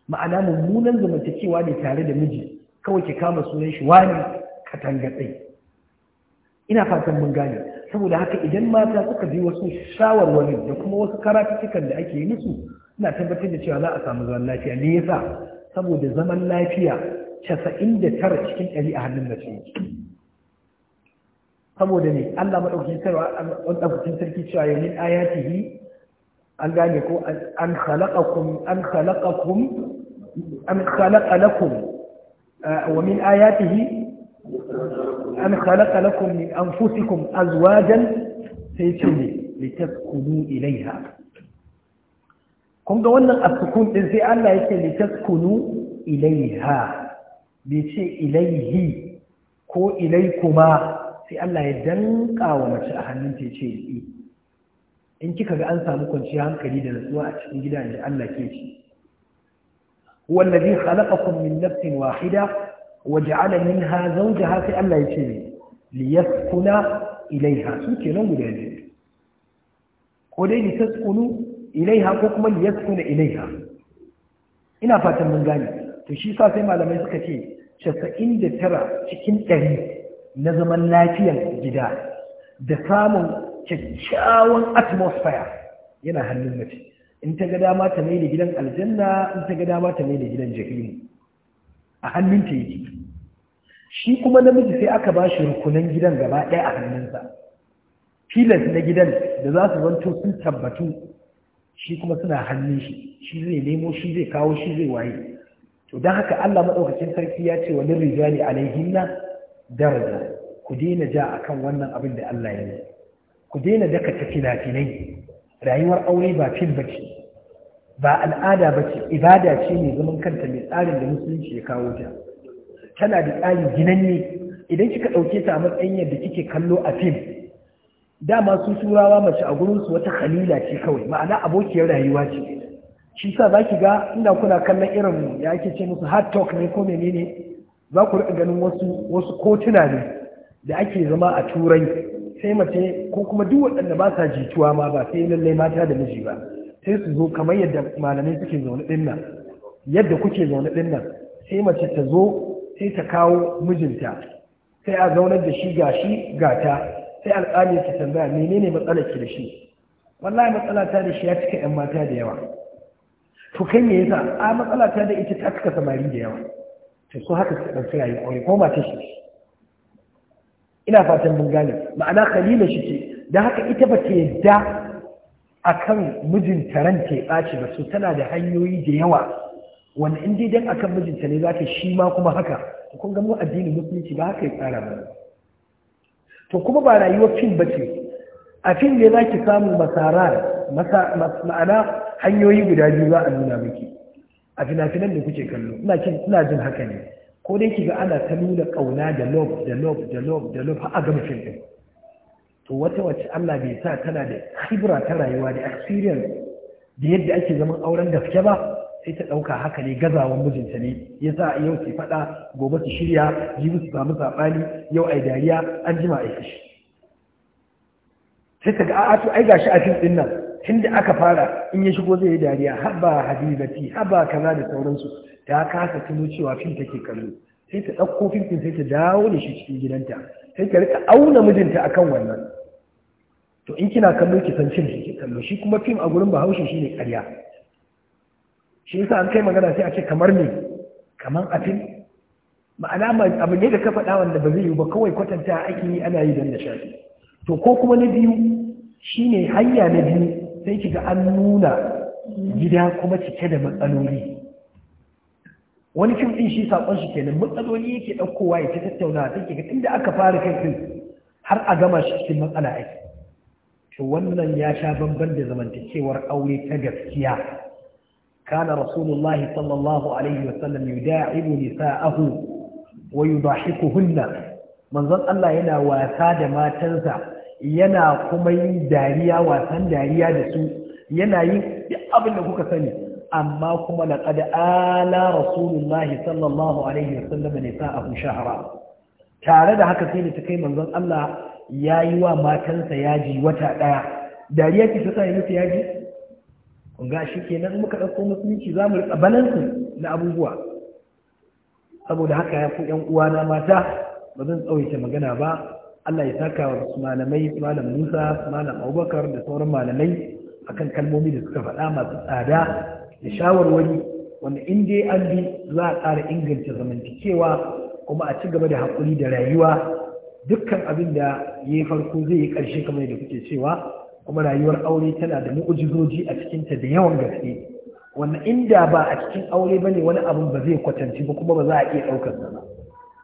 ma'ana mummunan zamantakewa ne tare da miji kawai ki kama sunan shi wani katangatsai ina fatan mun gane saboda haka idan mata suka bi wasu shawarwari da kuma wasu karatukan da ake yi musu ina tabbatar da cewa za a samu zaman lafiya me yasa saboda zaman lafiya 99 cikin 100 a hannun mace saboda ne Allah madaukakin sarwa ɗaukacin sarki cewa ya min ayatihi an gane ko an khalaqakum an khalaqakum an khalaqa lakum wa min ayatihi an khalaqa lakum min anfusikum azwajan sai ce ne litaskunu ilaiha kun ga wannan asukun din sai Allah yake litaskunu ilaiha bai ce ilaihi ko ilaikuma sai Allah ya danka wa mace a hannunta ya ce yi in kika ga an samu kwanciyar hankali da nasuwa a cikin gida da Allah ke ce wallazi khalaqakum min nafsin wahida waja'ala minha zawjaha sai Allah ya ce ne liyaskuna ilaiha su kenan guda biyu ko dai litaskunu ilaiha ko kuma liyaskuna ilaiha ina fatan mun gane to shi sa sai malamai suka ce 99 cikin 100 na zaman lafiyan gida da samun kyakkyawan atmosphere yana hannun mace in ta ga dama ta maida gidan aljanna in ta ga dama ta maida gidan jahimu a hannun ta yake shi kuma namiji sai aka ba shi rukunan gidan gaba ɗaya a hannunsa filas na gidan da za su zanto sun tabbatu shi kuma suna hannun shi shi zai nemo shi zai kawo shi zai waye to don haka Allah maɗaukacin sarki ya ce wa lirrijali alaihinna daraja ku daina ja akan wannan abin da Allah ya yi ku daina daka ta finai rayuwar aure ba fim bace ba al'ada bace ibada ce ne zaman kanta mai tsarin da musulunci ya kawo ta tana da tsari ne idan kika ɗauke ta a matsayin yadda kike kallo a fim dama su turawa mace a gurin su wata khalila ce kawai ma'ana abokiyar rayuwa ce shi sa za ki ga inda kuna kallon irin ya ake ce musu hard talk ne ko menene za ku riƙa ganin wasu wasu kotuna ne da ake zama a turai sai mace ko kuma duk waɗanda ba sa jituwa ma ba sai lallai mata da miji ba sai su zo kamar yadda malamai suke zaune ɗin nan yadda kuke zaune ɗin nan sai mace ta zo sai ta kawo mijinta sai a zaunar da shi ga shi ga ta sai alƙali ta tambaya menene matsalar ki da shi wallahi matsala ta da shi ya cika 'yan mata da yawa to kai me yasa a matsala ta da ita ta cika samari da yawa sai so haka su ɗauki rayuwa aure ko mace shi ina fatan mun gane ma'ana kalila shi ce da haka ita ba ta yadda a kan mijinta ran ta ɓaci ba su tana da hanyoyi da yawa wanda in dai dan akan mijinta ne za ta shi ma kuma haka kun ga mu addinin musulunci ba haka ya tsara ba to kuma ba rayuwar fim ba ce a fim ne za ki samu masara ma'ana hanyoyi guda biyu za a nuna miki a finafinan da kuke kallo ina jin haka ne ko dai ga ana ta nuna kauna da love da love da love da love a gama fim din to wata wacce Allah bai sa tana da hibra ta rayuwa da experience da yadda ake zaman auren gaske ba sai ta ɗauka haka ne gazawan mijinta ne ya sa yau su faɗa gobe su shirya jibi su samu saɓani yau ai dariya an jima aiki shi. sai ta ga a'a to ai gashi a fim din nan tun da aka fara in ya shigo zai yi dariya haba hadizati haba kaza da sauransu ta kasa tuno cewa fim take kallo sai ta ɗauko fim ɗin sai ta dawo da shi cikin gidanta sai ta rika auna mijinta akan wannan to in kina kallo ki san fim kallo shi kuma fim a gurin bahaushe shi ne ƙarya shi yasa an kai magana sai a ce kamar me kamar a fim ma'ana abu ne da ka faɗa wanda ba zai yi ba kawai kwatanta ake yi ana yi don da shafi. to ko kuma na biyu shine hanya na biyu sai kiga an nuna gida kuma cike da matsaloli wani fim ɗin shi saƙon shi kenan matsaloli yake ɗaukowa ya tattaunawa, tattauna ta kiga inda aka fara kai fim har a gama shi cikin matsala ake to wannan ya sha bamban da zamantakewar aure ta gaskiya kana rasulullahi sallallahu alaihi wasallam yuda'ibu nisa'ahu wa yudahikuhunna manzon Allah yana wasa da matansa yana kuma yin dariya wasan dariya da su yana yin abin da kuka sani amma kuma laqad ala rasulullahi sallallahu alaihi wasallam abu shahra tare da haka sai da ta kai manzon Allah yayi wa matansa yaji wata ɗaya. dariya ki ta sai musu yaji kun ga shi kenan muka dauko musulunci zamu rika balansu na abubuwa saboda haka ya ku yan uwana mata ba zan tsawaita magana ba Allah ya saka wa malamai malam Musa malam Abubakar da sauran malamai akan kalmomi da suka faɗa masu tsada da shawarwari wanda in dai an bi za a ƙara inganta zamantakewa kuma a ci gaba da haƙuri da rayuwa dukkan abin da ya yi farko zai yi ƙarshe kamar da kuke cewa kuma rayuwar aure tana da mu'ujizoji a cikinta da yawan gaske wanda inda ba a cikin aure ba ne wani abin ba zai kwatanci ba kuma ba za a iya ɗaukar sa ba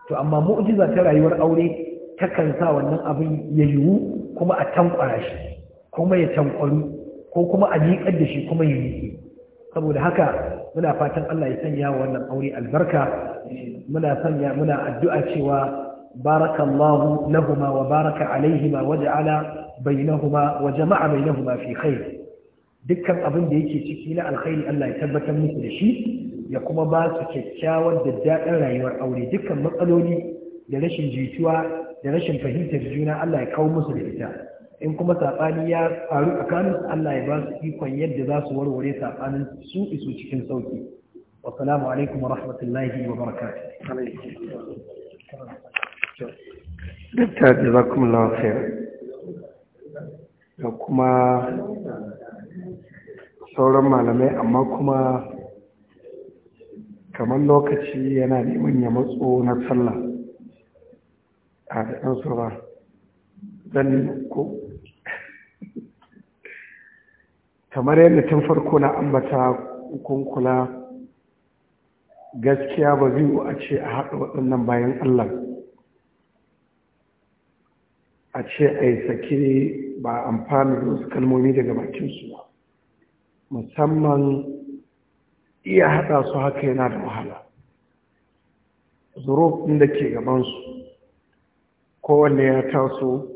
to amma mu'ujiza ta rayuwar aure takan sa wannan abin ya yiwu kuma a tankwara shi kuma ya tankwaru ko kuma a miƙar da shi kuma ya miƙe saboda haka muna fatan Allah ya sanya wannan aure albarka muna sanya muna addu'a cewa barakallahu lahuma wa baraka alaihima wa ja'ala bainahuma wa jama'a bainahuma fi khair dukkan abin da yake ciki na alkhairi Allah ya tabbatar musu da shi ya kuma ba su kyakkyawar da daɗin rayuwar aure dukkan matsaloli da rashin jituwa da rashin fahimtar juna Allah ya kawo musu da ita in kuma saɓani ya faru tsakanin Allah ya ba su ikon yadda za su warware saɓanin su isu cikin sauki wasalamu alaikum wa rahmatullahi wa barakatuh dakta da kuma sauran malamai amma kuma kamar lokaci yana neman ya matso na sallah a da ɗan ko kamar yadda tun farko na ambata kunkula gaskiya ba zai a ce a haɗa waɗannan bayan allah a ce a yi sake ba amfani da wasu kalmomi daga bakinsu ba musamman iya haɗa su haka yana da wahala zurofin da ke gabansu kowanne ya taso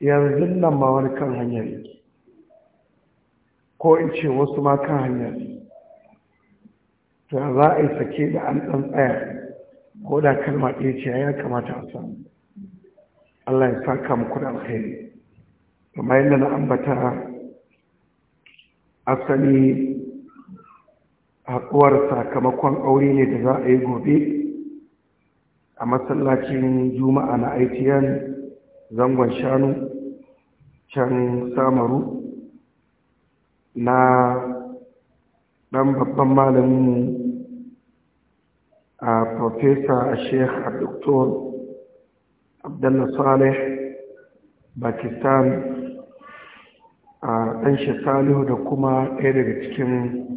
yanzu nan ma wani kan hanyar yake ko in ce wasu ma kan hanyar ta za a yi sake da an ɗan tsaya ko da kalma ɗaya ce ya kamata a samu Allah ya saka muku da alkhairi kamar yadda na ambata asali haɗuwar sakamakon aure ne da za a yi gobe a masallacin juma'a na itn zangon shanu can samaru na ɗan babban malamin a profesa a sheikh a doktor abdullah saleh pakistan a ɗan shi salihu da kuma ɗaya daga cikin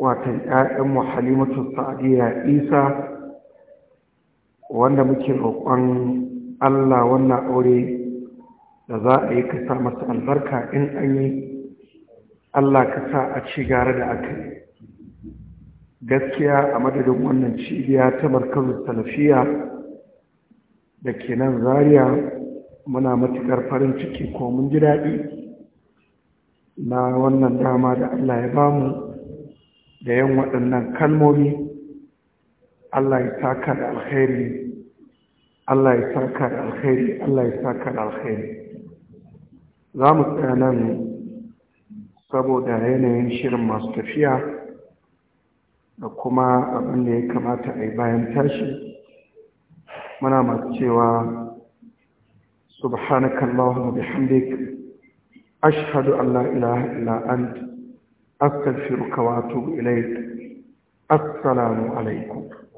watan 'ya'yanmu halimatu sa'adiyya isa wanda muke roƙon Allah wannan aure da za a yi kasa masu masa albarka in an yi Allah kasa a ci gara da aka yi gaskiya a madadin wannan cibiya ta markazin salafiya da ke nan zariya muna matuƙar farin ciki ko mun ji daɗi na wannan dama da Allah ya bamu da yin waɗannan kalmomi Allah ya saka da alkhairi Allah ya saka da alkhairi Allah ya saka da alkhairi za mu tsaya nan saboda yanayin shirin masu tafiya da kuma abin da ya kamata a yi bayan tashi muna masu cewa subhanaka Allahumma bihamdik ashhadu an la ilaha illa ant astaghfiruka wa atubu ilayk assalamu alaikum